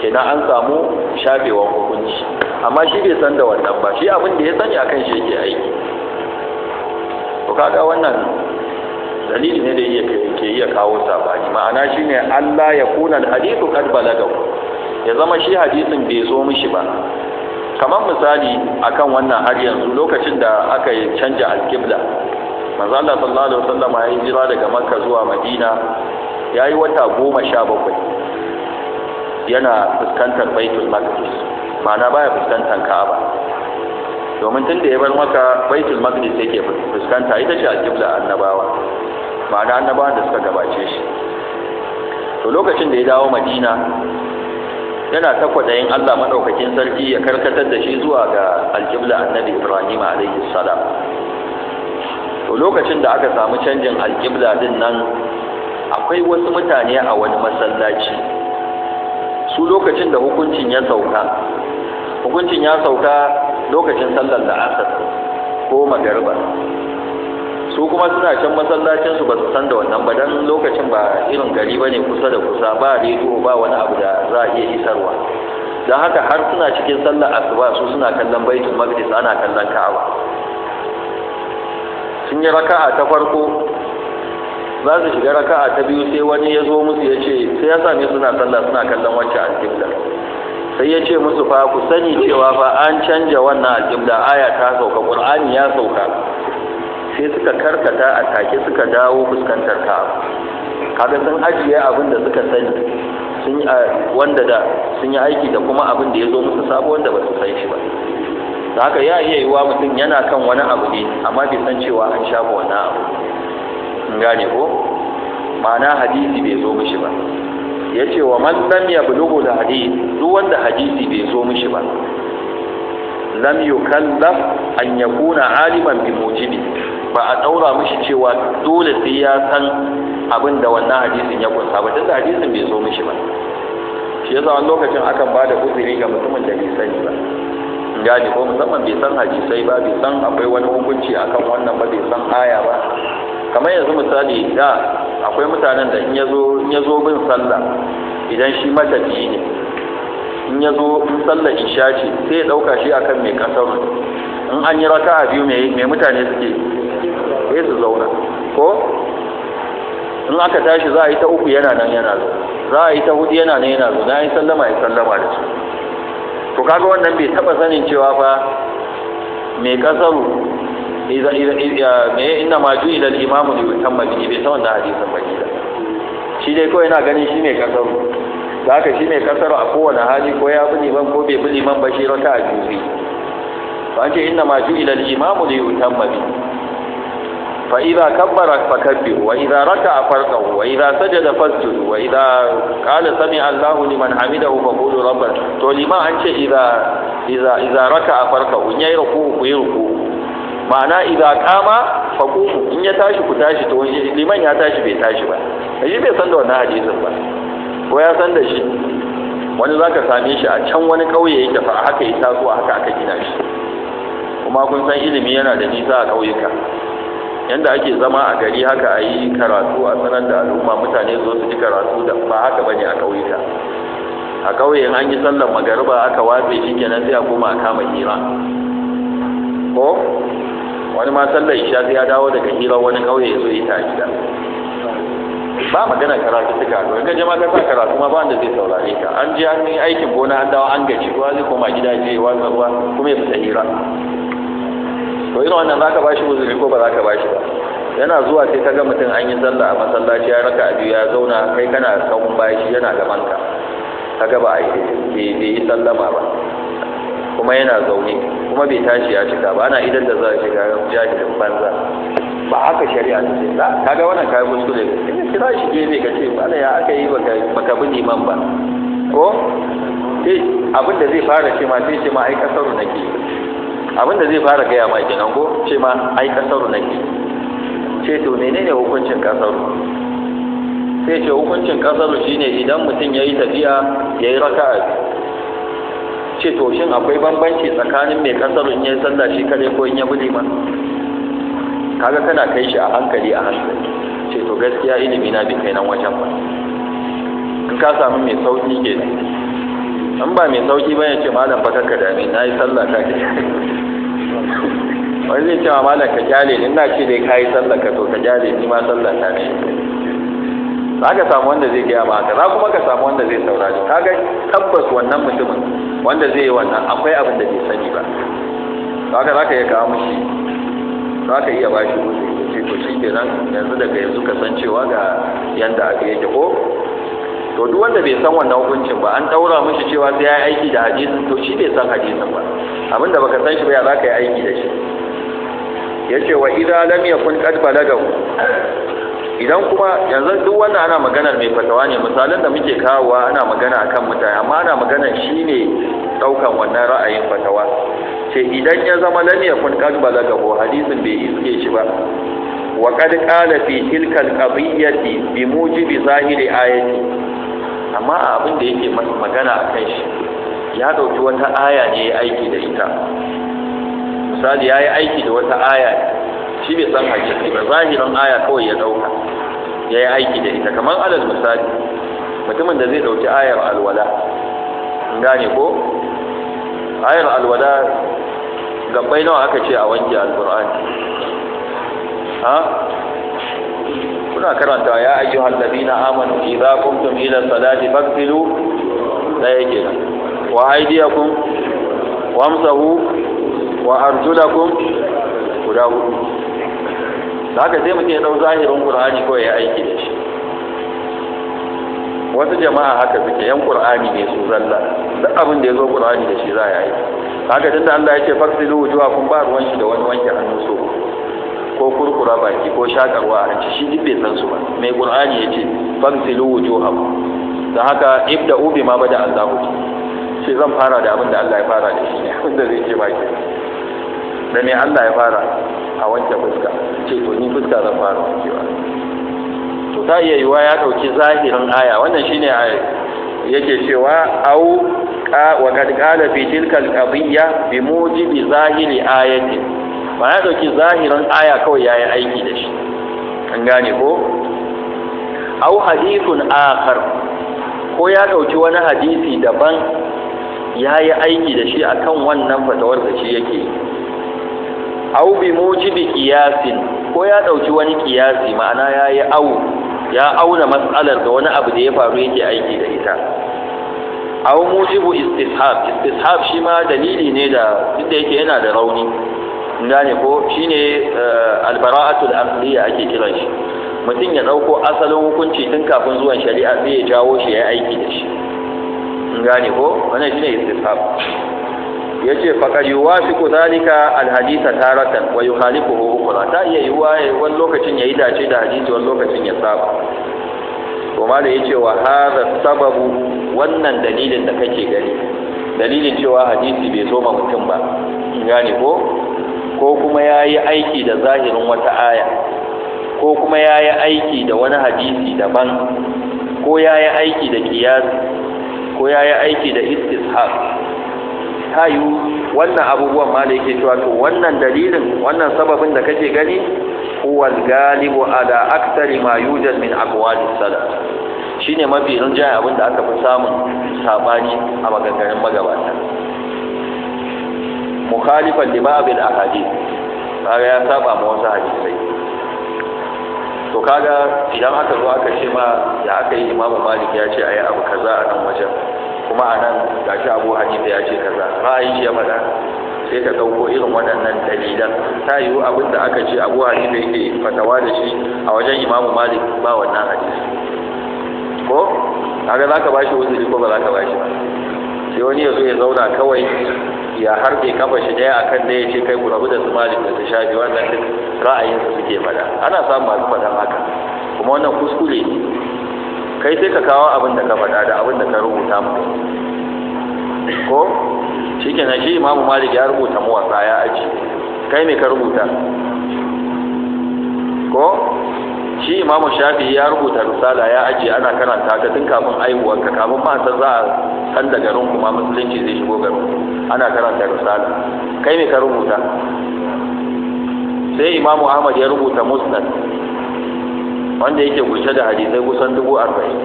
[SPEAKER 1] kenan an samu shafewan hukunci amma shi bai san da wannan ba shi abin da ya sani akan shi yake aiki to kaga wannan dalili ne da ke iya kawo sabani ma'ana shine Allah ya kuna hadithu kad balagahu ya zama shi hadisin bai zo mishi ba kamar misali akan wannan har yanzu lokacin da aka yi canja alkibla manzo Allah sallallahu alaihi wasallam ya hijira daga Makka zuwa Madina yayi wata goma sha bakwai yana fuskantar baitul maqdis ma'ana baya fuskantar ka'aba domin tun da ya bar maka baitul maqdis yake fuskanta ita ce alƙibla annabawa ma'ana annabawan da suka gabace shi to lokacin da ya dawo madina yana ta kwaɗayin allah maɗaukakin sarki ya karkatar da shi zuwa ga alƙibla annabi ibrahim alaihi salam to lokacin da aka samu canjin alƙibla din nan akwai wasu mutane a wani masallaci su lokacin da hukuncin ya sauka hukuncin ya sauka lokacin sallar da asar ko magariba su kuma suna can masallacin su ba su san da wannan ba dan lokacin ba irin gari ba ne kusa da kusa ba rediyo ba wani abu da za a iya isarwa dan haka har suna cikin sallar asuba su suna kallon baitul maqdis ana kallon ka'aba sun yi raka'a ta farko za su shiga raka'a ta biyu sai wani ya zo musu ya ce sai ya sami suna sallah suna kallon wacce alƙibla sai ya ce musu fa ku sani cewa fa an canja wannan alƙibla aya ta sauka ƙur'ani ya sauka sai suka karkata a take suka dawo fuskantar ka kaga sun ajiye abin da suka sani sun wanda da sun yi aiki da kuma abin da ya zo musu sabo wanda ba su san shi ba da haka ya iya yiwa mutum yana kan wani abu ne amma bai san cewa an shafa wannan abu gane ko ma'ana hadisi bai zo mishi ba ya ce wa man lam ya bulugu da hadisi duk wanda hadisi bai zo mishi ba lam kalla an yakuna aliman bi mujibi ba a daura mishi cewa dole sai ya san abin da wannan hadisin ya kunsa ba tunda hadisin bai zo mishi ba shi yasa wani lokacin akan ba da uzuri ga mutumin da bai sani ba gane ko musamman bai san hadisai ba bai san akwai wani hukunci akan wannan ba bai san aya ba kamar yanzu misali da akwai mutanen da in ya zo bin sallah idan shi matafiyi ne in ya zo in sallah isha ce sai ya ɗauka shi akan mai kasar in an yi raka'a biyu mai mutane suke sai su zauna ko in aka tashi za a yi ta uku yana nan yana zo za a yi ta hudu yana nan yana zo na yi sallama ya sallama da su to kaga wannan bai taba sanin cewa fa mai kasaru idan idan me inna ma ju ila al-imamu li yutamma bi bai san wannan shi dai kawai yana ganin shi ne kasar da haka shi ne kasar a kowane hali ko ya liman ko bai bi a juzi to an ma ju ila imamu li yutamma bi kabbara fakabbiru wa idza raka'a farqahu wa idza sajada fasjudu wa idza to an ce ruku yi ruku ma'ana idan kama faku in ya tashi ku tashi to wani liman ya tashi bai tashi ba shi bai san da wannan hadisin ba ko ya san da shi wani zaka same shi a can wani kauye yake fa haka ya taso haka aka gina shi kuma kun san ilimi yana da nisa a kauyuka yanda ake zama a gari haka a yi karatu a sanar da al'umma mutane zo su ji karatu da ba haka bane a kauyuka a kauye an yi sallar magariba aka wace shi kenan sai a koma a kama hira ko wani ma sallar isha sai ya dawo daga hira wani kauye ya zo ya ta gida ba magana karatu suka zo ka jama'a ta sa karatu ma ba wanda zai saurare ka an je an yi aikin gona an dawo an gaji ruwa zai koma gida je wa ruwa kuma ya fita hira to irin wannan zaka bashi uzuri ko ba zaka bashi ba yana zuwa sai ka ga mutum an yi sallah a masallaci ya raka abu ya zauna kai kana kawun bashi yana gaban ka kaga ba a yi bai yi sallama ba kuma yana zaune kuma bai tashi ya shiga. ba ana idan da za a shiga jahilin banza ba haka shari'a ta ce ka ga wannan kayan kuskure ne za shi gefe ka ce ba ya aka yi baka bi neman ba ko sai eh, abin da zai fara ce ma sai ce ma ai kasaru nake abin da zai fara gaya ma kenan ko ce ma ai kasaru nake ce to menene hukuncin kasaru sai ce hukuncin kasaru shine idan mutum ya yi tafiya ya yi raka'a ce to shin akwai bambanci tsakanin mai kasar in yayi sallah shi kare ko in ya bi ma kaga kana kai shi a hankali a hankali ce to gaskiya ilimi na bai kai nan wajen ba in ka samu mai sauki ke in ba mai sauki ba ya ce malam fa kakka dame na yi sallah ka ke wani zai ce malam ka kyale ni na ce dai ka yi sallah ka to ka kyale ni ma sallah ta ne za ka samu wanda zai gaya maka za kuma ka samu wanda zai saurari ga tabbas wannan mutumin wanda zai yi wannan akwai abin da bai sani ba kaga za ka iya kawo mushi za ka iya bashi wuce to shi ke nan, yanzu daga yanzu ka san cewa ga yanda aka yake ko to duk wanda bai san wannan hukuncin ba an daura mushi cewa sai ya yi aiki da hadisin to shi bai san hadisin ba abinda baka san shi ba ya za ka yi aiki da shi yace wa idan lam yakun kad balagahu idan kuma yanzu duk wannan ana maganar mai fatawa ne misalan da muke kawowa ana magana akan mutane amma ana magana ne daukan wannan ra'ayin fatawa ce idan ya zama lam yakun qad balagahu hadisin bai iske shi ba wa kad qala fi tilka al-qadiyyati bi mujibi zahiri ayati amma abin da yake magana akan shi ya dauki wata aya ne ya aiki da ita misali yayi aiki da wata aya shi bai san hakiki ba zahirin aya kawai ya dauka ya yi aiki da ita kamar alal misali mutumin da zai dauki ayar alwala in gane ko ayar alwala gabbai nawa aka ce a wanke alqur'ani ha kuna karanta ya ayyuhal ladina amanu idza qumtum ila salati faghsilu da yake wa aydiyakum wamsahu wa arjulakum guda hudu da haka sai mutum ya ɗau zahirin ƙur'ani kawai ya aiki da shi wasu jama'a haka suke yan ƙur'ani ne su zalla duk abin da ya zo ƙur'ani da shi za a yi haka tunda Allah ya ce faksilu kun ba ruwan shi da wani wanke hannu so ko kurkura baki ko shakarwa a hanci shi duk bai san su ba mai qur'ani yace fagsilu wujuhakum da haka ubi ma bada Allah ku sai zan fara da abin da Allah ya fara da shi ne abin da zai ce baki da me Allah ya fara a wanke fuska ce to ni fuska zan fara wankewa to ta iya yiwa ya ɗauki zahirin aya wannan shine a yake cewa au wa kad qala fi tilka al-qadiyya bi mujibi zahiri ayatin ba ya ɗauki zahirin aya kawai yayi aiki da shi an gane ko au hadithun akhar ko ya ɗauki wani hadisi daban ya yi aiki da shi akan wannan fatawar da shi yake yi au bi mujibi qiyasin ko ya dauki wani qiyasi ma'ana yayi au ya auna mas'alar da wani abu da ya faru yake aiki da ita aw mujibu istishab istishab shi ma dalili ne da duk da yake yana da rauni ne ko eh, shine albara'atul amliya ake kiran shi mutum ya dauko asalin hukunci tun kafin zuwan shari'a sai ya jawo shi ya aiki da shi gane ko wannan shine istishab yace fi ku zalika alhadisa taratan wa yukhalifuhu ukhra ta iya yuwa wani lokacin yayi dace da hadisi wani lokacin ya saba to malai yace wa hadha sababu wannan dalilin da kake gani dalilin cewa hadisi bai zo ma mutum ba gane ko ko kuma yayi aiki da zahirin wata aya ko kuma yayi aiki da wani hadisi daban ko yayi aiki da qiyas ko yayi aiki da istishab ta wannan abubuwan ma da yake cewa to wannan dalilin wannan sababin da kake gani huwa galibu ala aktari ma yujad min aqwalis salaf shine mafi rinjaye abin da aka fi samun sabani a maganganun magabata mukhalifan li ba'd al ahadith kaga ya saba ma wasu hadisai to kaga idan aka zo aka ce ma ya aka yi imamu malik ya ce ayi abu kaza a nan wajen kuma a nan gashi abu hanifa ya ce kaza ra'ayi ya faɗa sai ka ɗauko irin waɗannan dalilan ta yiwu abin da aka ce abu hanifa yake fatawa da shi a wajen imamu malik ba wannan hadisi ko kaga za ka ba shi uzuri ko ba za ka ba shi ba sai wani ya zo ya zauna kawai ya harbe kafa shi daya akan da ya ce kai ku rabu da su malik da su shafi wannan duk ra'ayinsa suke faɗa. ana samun masu faɗan haka kuma wannan kuskure ne kai sai ka kawo abin da ka faɗa da abin da ka rubuta mu ko shi ke shi imamu malik ya rubuta mu wasa ya aji kai ne ka rubuta ko shi imamu shafi ya rubuta risala ya aji ana karanta ta tun kafin ka kafin ma san za a san da garin kuma musulunci zai shigo garin ana karanta risala kai ne ka rubuta sai imamu ahmad ya rubuta musnad wanda yake kusa da hadisai kusan dubu arba'in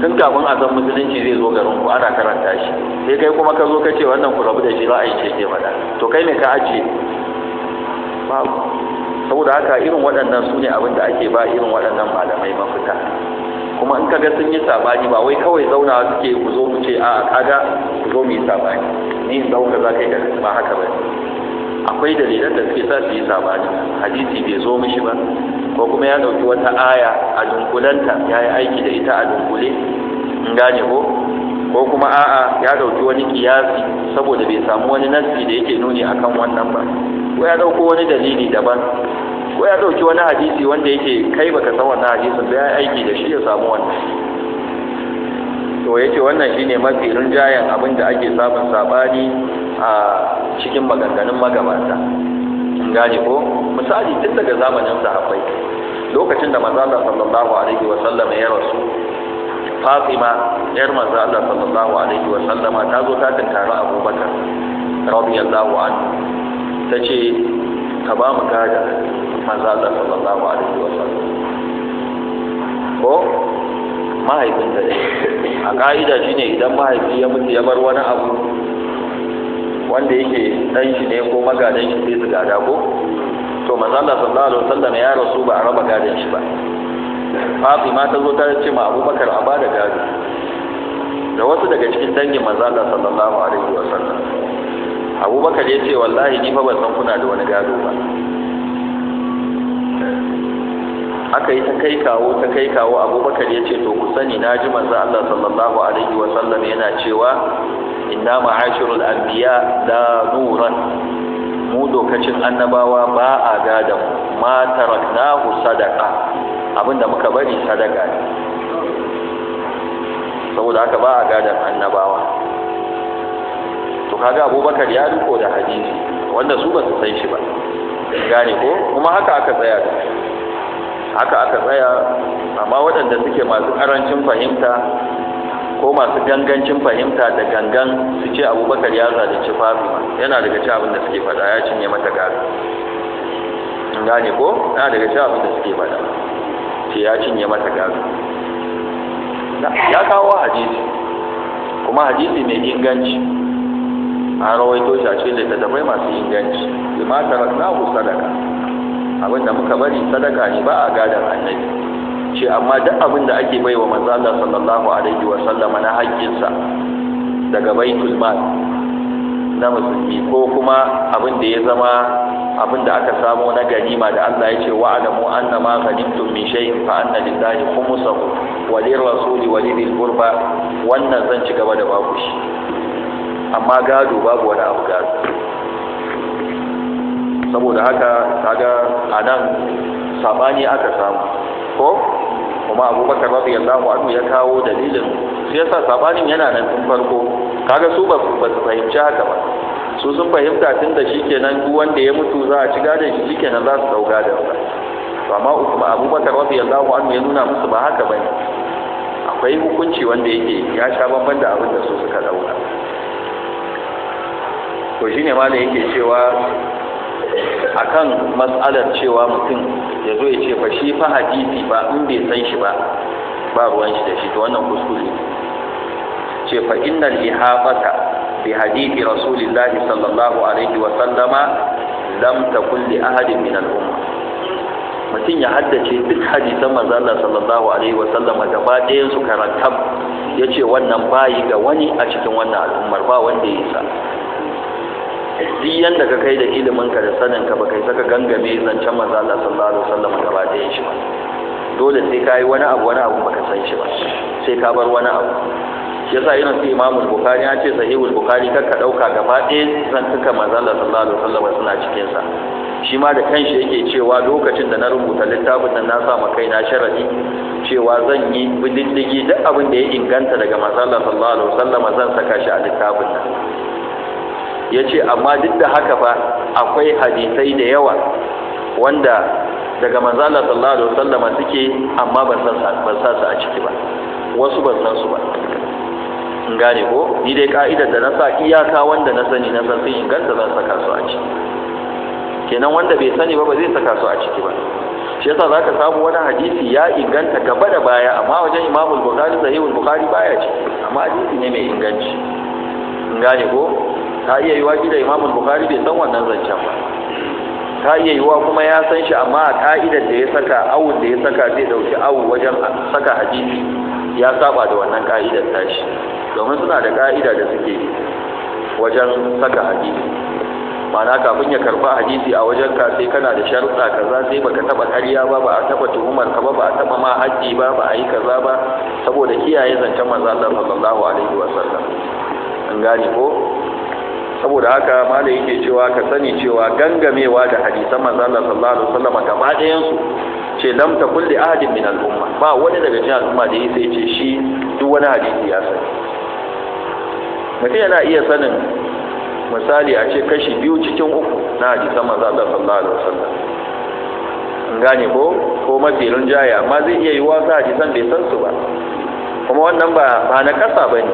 [SPEAKER 1] tun kafin a san musulunci zai zo garin ku ana karanta shi sai kai kuma ka zo ka ce wannan ku rabu da shi za yi ce ce mada to kai ne ka ajiye babu saboda haka irin waɗannan su ne abinda ake ba irin waɗannan malamai mafita kuma in ka ga sun yi sabani ba wai kawai zauna suke ku zo mu ce a kaga ku zo mu yi sabani ni in dauka za ka yi ba haka ba akwai dalilan da suke sa su yi sabani hadisi bai zo mishi ba ko kuma ya dauki wata aya a dunkulanta ya yi aiki da ita a dunkule in gane ko ko kuma a'a ya dauki wani kiyasi saboda bai samu wani nassi da yake nuni akan wannan ba ko ya dauko wani dalili daban ko ya dauki wani hadisi wanda yake kai baka san wannan hadisin ba ya aiki da shi ya samu wannan to yace wannan shine mafi rinjayen abin da ake samun sabani a cikin maganganun magabata in gane ko misali tun daga zamanin sahabbai lokacin da manzo Allah sallallahu alaihi wa sallam ya rasu Fatima yar manzo Allah sallallahu alaihi wa sallama ta zo ta tantara Abubakar radiyallahu anhu tace ka ba mu gada manzo Allah sallallahu alaihi wa sallam ko mahaifinta a ka'ida shine idan mahaifi ya mutu ya bar wani abu wanda yake dan shi ne ko magadan shi sai su gada ko to manzo Allah sallallahu alaihi wasallam ya rasu ba a raba gadon shi ba Fatima ta zo ta ce ma Abubakar a bada gado da wasu daga cikin dangin manzo Allah sallallahu alaihi wasallam Abubakar ya ce wallahi ni fa ban san kuna da wani gado ba aka yi ta kai kawo ta kai kawo abubakar ya ce to ku sani na ji manzo Allah sallallahu alaihi wa sallam yana cewa inna ma'ashirul anbiya da nuran mu dokacin annabawa ba a gadan ma taraknahu sadaqa abinda muka bari sadaka ne saboda haka ba a gadan annabawa to kaga abubakar ya riko da hadisi wanda su ba su san shi ba gane ko kuma haka aka tsaya da haka aka tsaya amma waɗanda suke masu ƙarancin fahimta ko masu gangancin fahimta da gangan su ce abubakar ya ci fatima yana daga ci abin da suke faɗa ya cinye mata gari gane ko yana daga ci abin da suke faɗa ce ya cinye mata gari ya kawo hadisi kuma hadisi mai inganci a rawaito shi a cikin littattafai masu inganci limata rasnahu sadaka abin da muka bari sadaka ne ba a gadon annabi ce amma duk abin da ake bai wa manzo Allah sallallahu alaihi wa sallam na sa daga baitul mal na musulmi ko kuma abin da ya zama abin da aka samu na ganima da Allah ya ce wa alamu anna ma ghanimtum min shay'in fa anna lillahi khumsahu wa lirrasuli wa lil qurba wannan zan ci gaba da babu shi amma gado babu wani abu gado saboda haka kaga anan sabani aka samu ko kuma abubakar Yallahu anhu ya kawo dalilin sai yasa sabanin yana nan tun farko kaga su ba su fahimci haka ba su sun fahimta tun da shikenan duk wanda ya mutu za a ci gadon shi shikenan za su dauka da sa amma kuma abubakar Yallahu anhu ya nuna musu ba haka bane akwai hukunci wanda yake ya sha bambam da abin da su suka dauka to shine ma da yake cewa akan matsalar cewa mutum ya zo ya ce fa shi fa hadisi ba in bai san shi ba ba ruwan shi da shi to wannan kuskure ce fa innal ihafata bi hadisi rasulillah sallallahu alaihi wa sallama lam takul li ahadin min al umma mutum ya haddace duk hadisan manzo sallallahu alaihi wa sallama gaba ɗayan su karantam yace wannan bayi ga wani a cikin wannan al'ummar ba wanda ya isa duk yanda ka kai da ilimin ka da sanin ka ba kai saka gangame zancen manzo Allah sallallahu alaihi wasallam gaba ɗayan shi ba dole sai ka yi wani abu wani abu baka san shi ba sai ka bar wani abu yasa ina su imamu Bukhari ya ce sahihul bukari kar ka dauka gaba ɗaya zantuka manzo Allah sallallahu alaihi wasallam suna cikin sa shi ma da kanshi yake cewa lokacin da na rubuta littafin nan na sa ma kaina sharadi cewa zan yi bididdigi duk abin da ya inganta daga manzo Allah sallallahu alaihi wasallam zan saka shi a littafin nan ya ce amma duk da haka fa akwai hadisai da yawa wanda daga manzala sallallahu alaihi wasallam suke amma ban san sa a ciki ba wasu ban san su ba in gane ko ni dai ka'idar da na sa iyaka wanda na sani na san sun inganta zan saka su a ciki kenan wanda bai sani ba ba zai saka su a ciki ba shi yasa zaka samu wani hadisi ya inganta gaba da baya amma wajen Imam Bukhari sahihul Bukhari baya ciki amma hadisi ne mai inganci in gane ko ta iya yiwa gida imamul bukhari bai san wannan zancen ba ta iya yiwa kuma ya san shi amma a ka'idar da ya saka awun da ya saka zai dauki awu wajen saka hadisi ya saba da wannan ka'idar tashi domin suna da ka'ida da suke wajen saka hadisi ma'ana kafin ya karba hadisi a wajen ka sai kana da sharuɗa kaza sai baka taba kariya ba ba a taba tuhumar ka ba ba a taba ma haji ba ba a yi kaza ba saboda kiyaye zancen manzo Allah sallallahu alaihi wasallam an gane ko saboda haka malai yake cewa ka sani cewa gangamewa da hadisan manzo Allah sallallahu alaihi wasallam gaba ɗayan su ce lam ta kulli ahadin min al-umma ba wani daga cikin al'umma da yake ce shi duk wani hadisi ya sani mutum yana iya sanin misali a ce kashi biyu cikin uku na hadisan manzo Allah sallallahu alaihi wasallam in gane ko ko mafi rinjaya, amma zai iya yi sa hadisan bai san su ba kuma wannan ba ba na kasa bane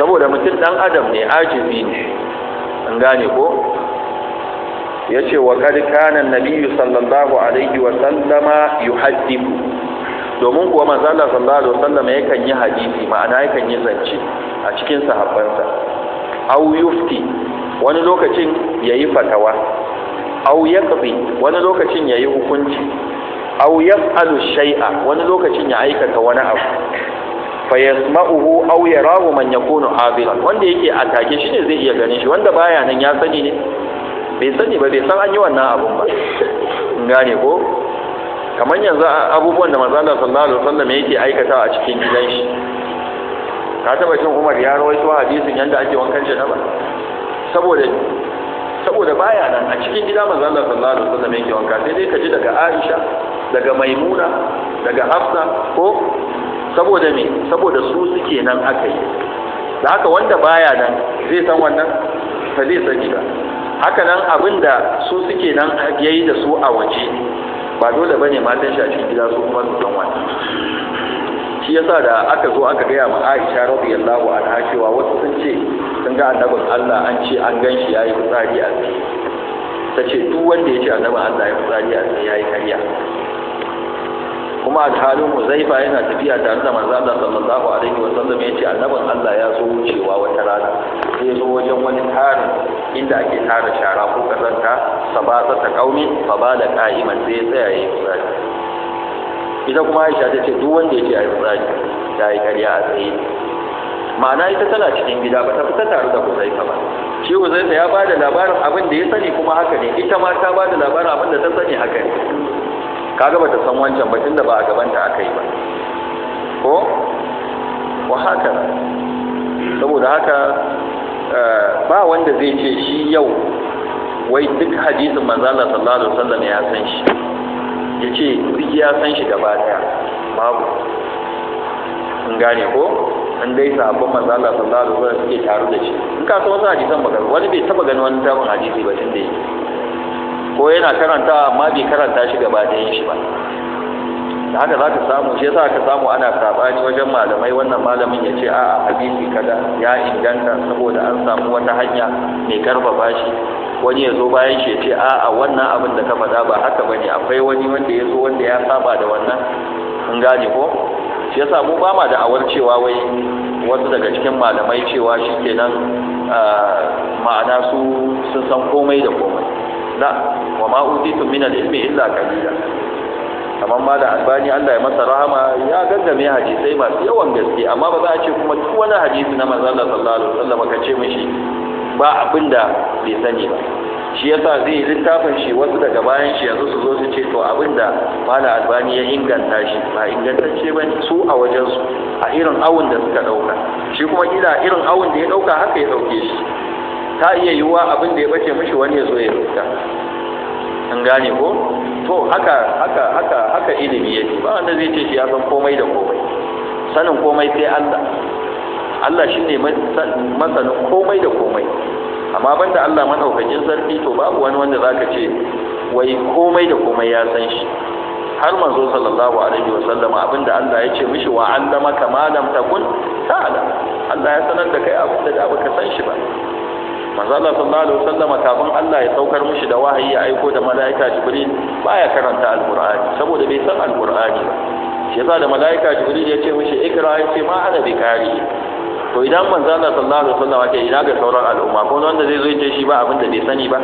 [SPEAKER 1] saboda mutum dan adam ne ajibi ne an gane ko ya ce wa ƙarƙanan nabiyu sallallahu alaihi wa yi haddibu domin kuwa manzala sallallahu alaihi ya kan yi hadisi ma'ana kan yi zance a cikin sahabbansa au yufti wani lokacin ya yi fatawa au yaqbi wani lokacin ya yi hukunci au yaf'alu shay'a wani lokacin ya aikata wani abu fa yasma'uhu aw yarahu man yakunu habila wanda yake take shi ne zai iya ganin shi wanda baya nan ya sani ne bai sani ba bai san an yi wannan abun ba gane ko kamar yanzu abubuwan da manzo Allah sallallahu alaihi wasallam yake aikata a cikin gidan shi ka taba jin Umar ya rawaito hadisin yanda ake wankan ba saboda saboda baya nan a cikin gida manzo Allah sallallahu alaihi wasallam yake wanka sai dai ka ji daga Aisha daga Maimuna daga Hafsa ko saboda me saboda su suke nan aka yi da haka wanda baya nan zai san wannan ba zai san ba haka nan abin da su suke nan ya yi da su a waje ba dole ba ne matan shi a cikin gida su kuma su san wannan shi yasa da aka zo aka gaya ma Aisha radiyallahu anha cewa wasu sun ce sun ga annabin Allah an ce an gan shi yayi fitsari a tsaye ta ce duk wanda ya ce annabin Allah ya fitsari a tsaye yayi karya kuma Zai Huzaifa yana tafiya tare da manzo Allah sallallahu alaihi wa sallam yace annabin Allah ya zo wucewa wata rana sai zo wajen wani tare inda ake tara shara ko kazanta sabata ta kaumi fa bala qa'iman sai tsaya yayi tsari ita kuma Aisha ta ce duk wanda yake yayi tsari ta yi ƙarya a tsaye ma'ana ita tana cikin gida ba ta fita tare da Huzaifa ba shi Huzaifa ya bada labarin abin da ya sani kuma haka ne ita ma ta bada labarin abin da ta sani haka ne kaga bata san wancan ba tunda ba a gabanta aka yi ba ko wa haka saboda haka eh, ba wanda zai ce shi yau wai duk hadisin manzala sallallahu alaihi wasallam ya san shi ya ce duk ya san shi gaba daya babu in gane ko an dai sabon manzala sallallahu alaihi wasallam suke taru da shi in ka san wasu hadisan ba wani bai taba ganin wani tabin hadisi ba tun ko yana karanta amma bai karanta shi gaba yin shi ba da haka za ka samu shi yasa ka samu ana sabani wajen malamai wannan malamin ya ce a hadisi kada ya inganta saboda an samu wata hanya mai karfafa shi wani ya zo bayan shi ya ce a a wannan abin da ka faɗa ba haka bane akwai wani wanda ya zo wanda ya saba da wannan kun gane ko shi yasa mu ba ma da awar cewa wai wasu daga cikin malamai cewa shi kenan ah, ma'ana su sun san komai da komai na wa ma min al-ilmi illa kalila kamar ma da albani Allah ya masa rahama ya gangame hadisai masu yawan gaske amma ba za a ce kuma duk wani hadisi na manzo Allah sallallahu alaihi wasallam ka ce mishi ba abin da bai sani ba shi yasa zai yi littafin shi wasu daga bayan shi yanzu su zo su ce to abin da mala albani ya inganta shi ba ingantacce ba su a wajen su a irin awun da suka dauka shi kuma ila irin awun da ya dauka haka ya dauke shi ta iya yiwuwa abin da ya bace mishi wani ya zo ya rubuta an gane ko to haka haka haka haka ilimi yake ba wanda zai ce shi ya san komai da komai sanin komai sai Allah Allah shine masanin komai da komai amma banda Allah madaukakin sarki to babu wani wanda zaka ce wai komai da komai ya san shi har manzo sallallahu alaihi wa sallam abinda Allah ya ce mishi wa allama kama lam takun ta'lam Allah ya sanar da kai abinda da baka san shi ba manzo Allah sallallahu alaihi wasallam kafin Allah ya saukar mishi da wahayi ya aiko da malaika Jibril baya karanta alqur'ani saboda bai san alqur'ani ba shi yasa da malaika Jibril ya ce mishi ikra ya ce ma ana bikari to idan manzo Allah sallallahu alaihi wasallam ake ina ga sauran al'umma ko wanda zai zo ya ce shi ba abin da bai sani ba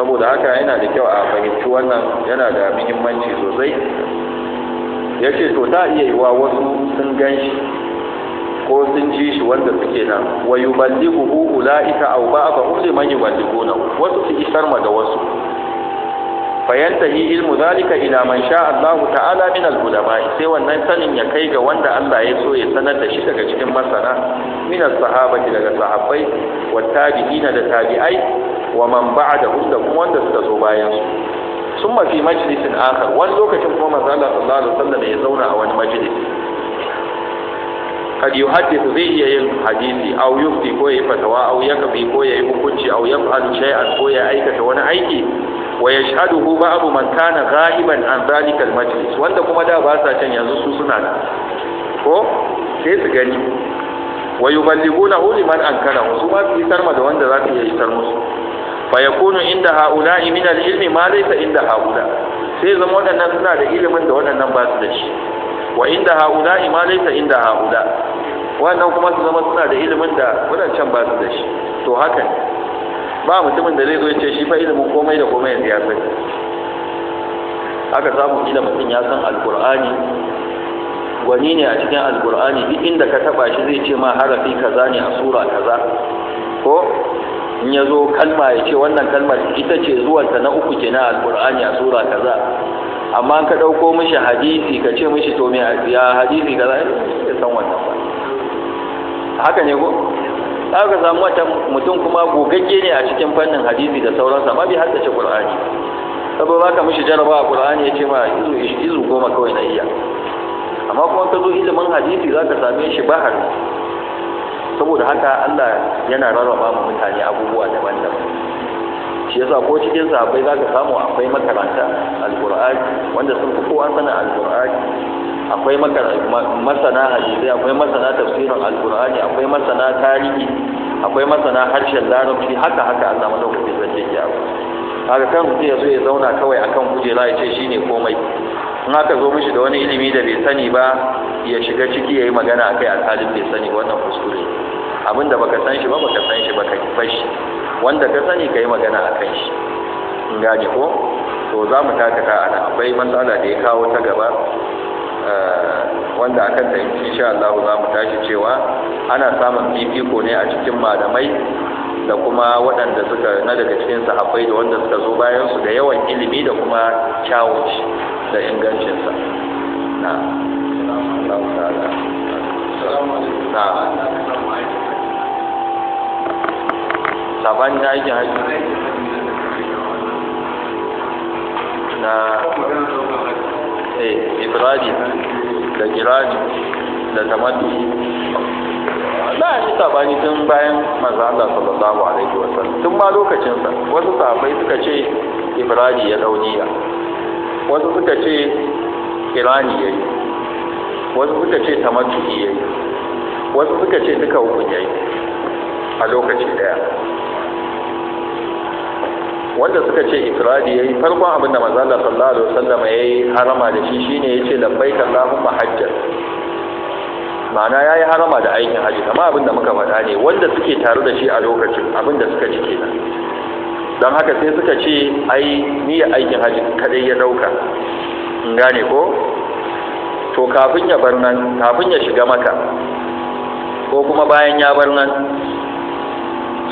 [SPEAKER 1] saboda haka yana da kyau a fahimci wannan yana da muhimmanci sosai Ya ce to ta iya yiwa wasu sun ganshi. ko sun ji shi wanda suke nan wa yuballighu ulaika aw ba'dhu liman yuballighuna wasu su isar ma da wasu fayantahi ilmu zalika ila man sha Allah ta'ala min al-ulama sai wannan sanin ya kai ga wanda Allah ya so ya sanar da shi daga cikin masana min as-sahabati daga sahabbai wa tabi'ina da tabi'ai wa man ba'dahum da kuma wanda suka zo bayan su summa fi majlisin akhar wani lokacin kuma manzo Allah sallallahu alaihi wasallam ya zauna a wani majlis kad yuhaddithu zai iya yin hadisi aw yufti ko yayi fatawa aw yakbi ko yayi hukunci aw yaf'alu shay'an ko ya aikata wani aiki wa yashhaduhu ba'du man kana ghaiban an zalika majlis wanda kuma da ba sa can yanzu su suna nan ko sai su gani wa yuballighunahu liman ankara su ba su isar ma da wanda za su iya isar musu fa yakunu inda haula'i min al-ilmi ma laysa inda haula sai zama waɗannan suna da ilimin da waɗannan ba su da shi wa inda haula ma laysa inda haula wannan kuma su zama suna da ilimin da wadancan ba su da shi to haka ba mutumin da zai zo ya ce shi fa ilimin komai da komai yanzu ya sani aka samu kila mutum ya san alqur'ani gwani ne a cikin alkur'ani duk inda ka taba shi zai ce ma harafi kaza ne a sura kaza ko in ya zo kalma ya ce wannan kalmar ita ce zuwanta na uku ke na alkur'ani a sura kaza amma ka ɗauko mishi hadisi ka ce mishi to ya hadisi ka zai ya san wannan ba haka ne ko za ka samu wata mutum kuma gogagge ne a cikin fannin hadisi da sauransa amma bai haddace qur'ani saboda ka mishi jaraba a qur'ani ya ce ma izu izu goma kawai na iya amma kuma ka zo ilimin hadisi za ka same shi bahar saboda haka Allah yana rarraba mutane abubuwa daban-daban shi yasa ko cikin sahabbai zaka samu akwai makaranta alqur'ani wanda sun fi kowa sanin alqur'ani akwai masana hadisi akwai masana tafsirin alqur'ani akwai masana tarihi akwai masana harshen larabci haka haka Allah madaukakin sarki ya yi haka kan mutum ya zo ya zauna kawai akan kujera ya ce shine komai in aka zo mishi da wani ilimi da bai sani ba ya shiga ciki ya yi magana akai alhalin bai sani wannan kuskure abinda baka san shi ba baka san shi baka kifashi wanda ka sani ka yi magana a kan shi in gane ko to za mu taka ka ana akwai matsala da ya kawo ta gaba eh, wanda akan ta insha Allah za mu tashi cewa ana samun fifiko ne a cikin malamai da kuma waɗanda suka na daga cikin akwai da wanda suka zo bayan su da yawan ilimi da kuma kyawun shi da ingancin sa na na sabani na aikin haji na eh, ibradi, da girani da tamati. Na a sabani tun bayan maza Allah sallallahu alaihi wasu, tun ma lokacin sa wasu sahabbai suka ce ibradi ya dauniya wasu suka ce kirani yayi wasu suka ce tamattu yayi wasu suka ce duka hukun yayi a lokaci daya wanda suka ce ifradi yayi farkon abin da manzo Allah sallallahu alaihi wasallam yayi harama da shi shine yace labbaika allahumma hajjan ma'ana yayi harama da aikin haji amma abin da muka faɗa ne wanda suke tare da shi a lokacin abin da suka ji kenan don haka sai suka ce ai niyyar aikin haji kadai ya dauka in gane ko to kafin ya bar nan kafin ya shiga maka ko kuma bayan ya bar nan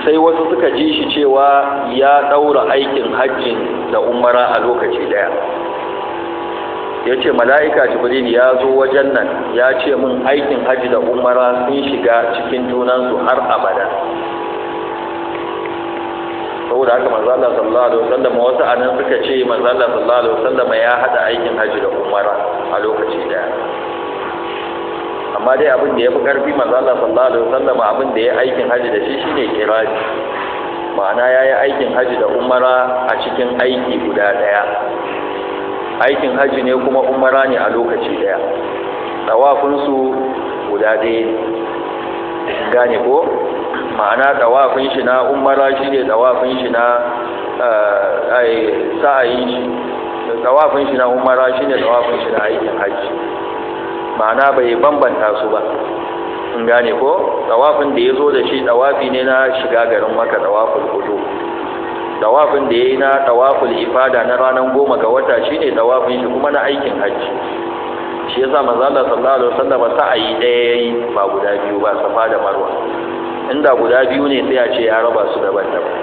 [SPEAKER 1] sai wasu suka ji shi cewa ya ɗaura aikin hajji da umara a lokaci ɗaya ya ce mala'ika jibril ya zo wajen nan ya ce min aikin hajji da umara sun shiga cikin junansu har abada saboda haka manzala sallallahu alaihi wasallam wasu anan suka ce manzala sallallahu alaihi wasallam ya hada aikin hajji da umara a lokaci daya amma dai abin da ya fi ƙarfi ma Allah sallallahu alaihi wasallam abin da ya aikin haji da shi shine kiraji. ma'ana ya yi aikin haji da umara a cikin aiki guda ɗaya aikin haji ne kuma umara ne a lokaci ɗaya ɗawafinsu guda ɗaya gane ko ma'ana ɗawafin shi na umara shi ne ɗawafin shi na eh, sa'ayin shi ɗawafin shi na umara shi ne ɗawafin shi na aikin haji ma'ana bai bambanta su ba in gane ko tawafin da ya zo da shi tawafi ne na shiga garin maka tawafin hudu tawafin da ya yi na tawafin ifada na ranar goma ga wata shi ne tawafin shi kuma na aikin hajji shi ya sa manzala sallallahu alaihi wasallam yi ɗaya ya yi ba guda biyu ba safa da marwa inda guda biyu ne sai a ce ya raba su daban-daban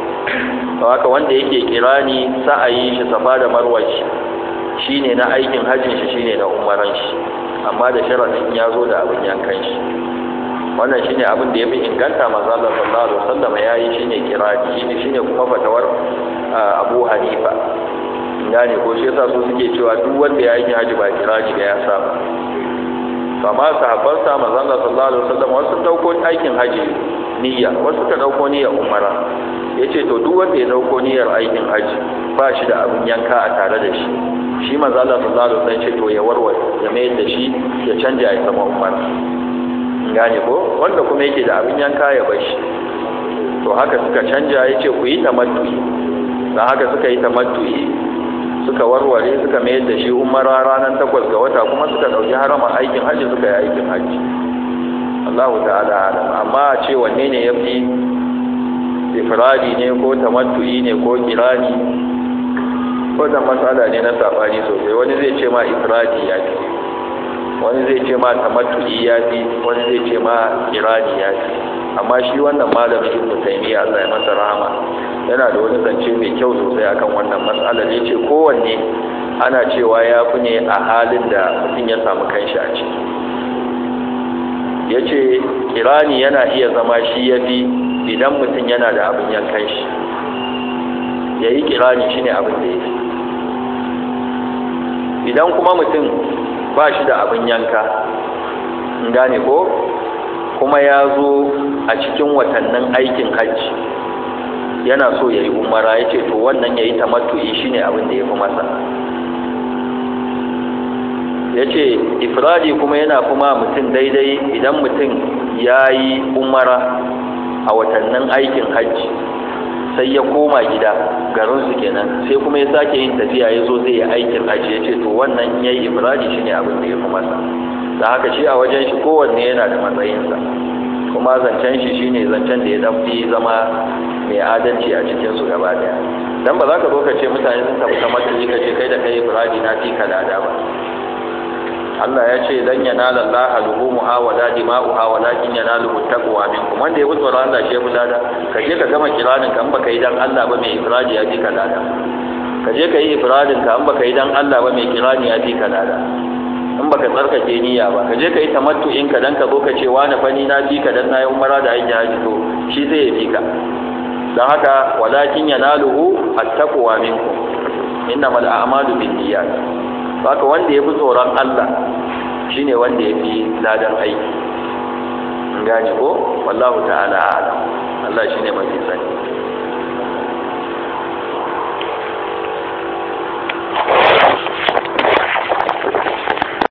[SPEAKER 1] haka wanda yake kirani sa'ayi shi safa da marwa shi shine na aikin hajjin shi shine na umaran shi amma da sharadin ya zo da abin yankan shi wannan shine abin da ya fi inganta manzo Allah sallallahu alaihi wasallam yayi shine kiraji shine shine kuma fatawar Abu Hanifa ne ko shi yasa su suke cewa duk wanda ya yi haji ba kiraji da ya saba kama sahabbansa manzon Allah sallallahu alaihi wasallam wasu dauko aikin haji niyya wasu ka dauko niyyar umara yace to duk wanda ya dauko niyyar aikin haji ba shi da abin yanka a tare da shi shi manzon Allah sallallahu alaihi wasallam ce to ya warware ya mayar da shi ya canja ya zama umara gane ko wanda kuma yake da abin yanka ya bar shi to haka suka canja yace ku yi tamattu da haka suka yi tamattu suka warware suka mayar da shi umara ranar takwas ga wata kuma suka ɗauki harama aikin hajji suka yi aikin hajji Allah ta'ala alam amma a ce wanne ne ya fi ifradi ne ko tamattu'i ne ko kirani wannan matsala ne na sabani sosai wani zai ce ma ifradi ya fi wani zai ce ma tamattu'i ya fi wani zai ce ma kirani ya fi amma shi wannan malamin ibnu taymiya Allah ya masa rahama yana da wani zance mai kyau sosai akan wannan matsala ne ce kowanne ana cewa ya fi ne a halin da mutum ya samu kanshi a ciki ya ce kirani yana iya zama shi ya fi idan mutum yana da abin yankan shi ya yi kirani shi ne abin da ya fi idan kuma mutum ba shi da abin yanka gane ko kuma ya zo a cikin watannin aikin hajji yana so ya yi umara ya ce to wannan ya yi tamattu'i ne abin da ya fi masa ya ce ifradi kuma yana kuma mutum daidai idan mutum ya yi umara a watannin aikin hajji sai ya koma gida garinsu kenan sai kuma ya sake yin tafiya ya zo zai yi aikin hajji ya ce to wannan ya yi ifradi ne abin da ya fi masa da haka shi a wajen shi kowanne yana da matsayinsa kuma zancen shi shine zancen da ya dafi zama mai adalci a cikin su gaba daya dan ba za ka zo ka ce mutane sun tafi kamar da ka ce kai da kai furadi na fi kalada ba Allah ya ce dan yanala Allah luhumuha dima, la dima'uha wa lakin yanaluhu taqwa kuma wanda ya tsoro Allah shi ya dada? ka je ka gama kiranin kan baka yi dan Allah ba mai Ibrahim ya fi kalada ka je ka yi ifradin ka an baka yi dan Allah ba mai kirani ya fi kalada in baka tsarkake niyya ba ka je ka yi tamattu in ka dan ka zo ka ce wani fani na fi ka dan nayi umara da haji to shi zai ya fi ka dan haka walakin yanaluhu attaqwa taqwa inna mal a'malu binniyat haka wanda yafi fi tsoron Allah shine wanda yafi fi ladan aiki gane ko wallahu ta'ala a'lam Allah shine mafi sani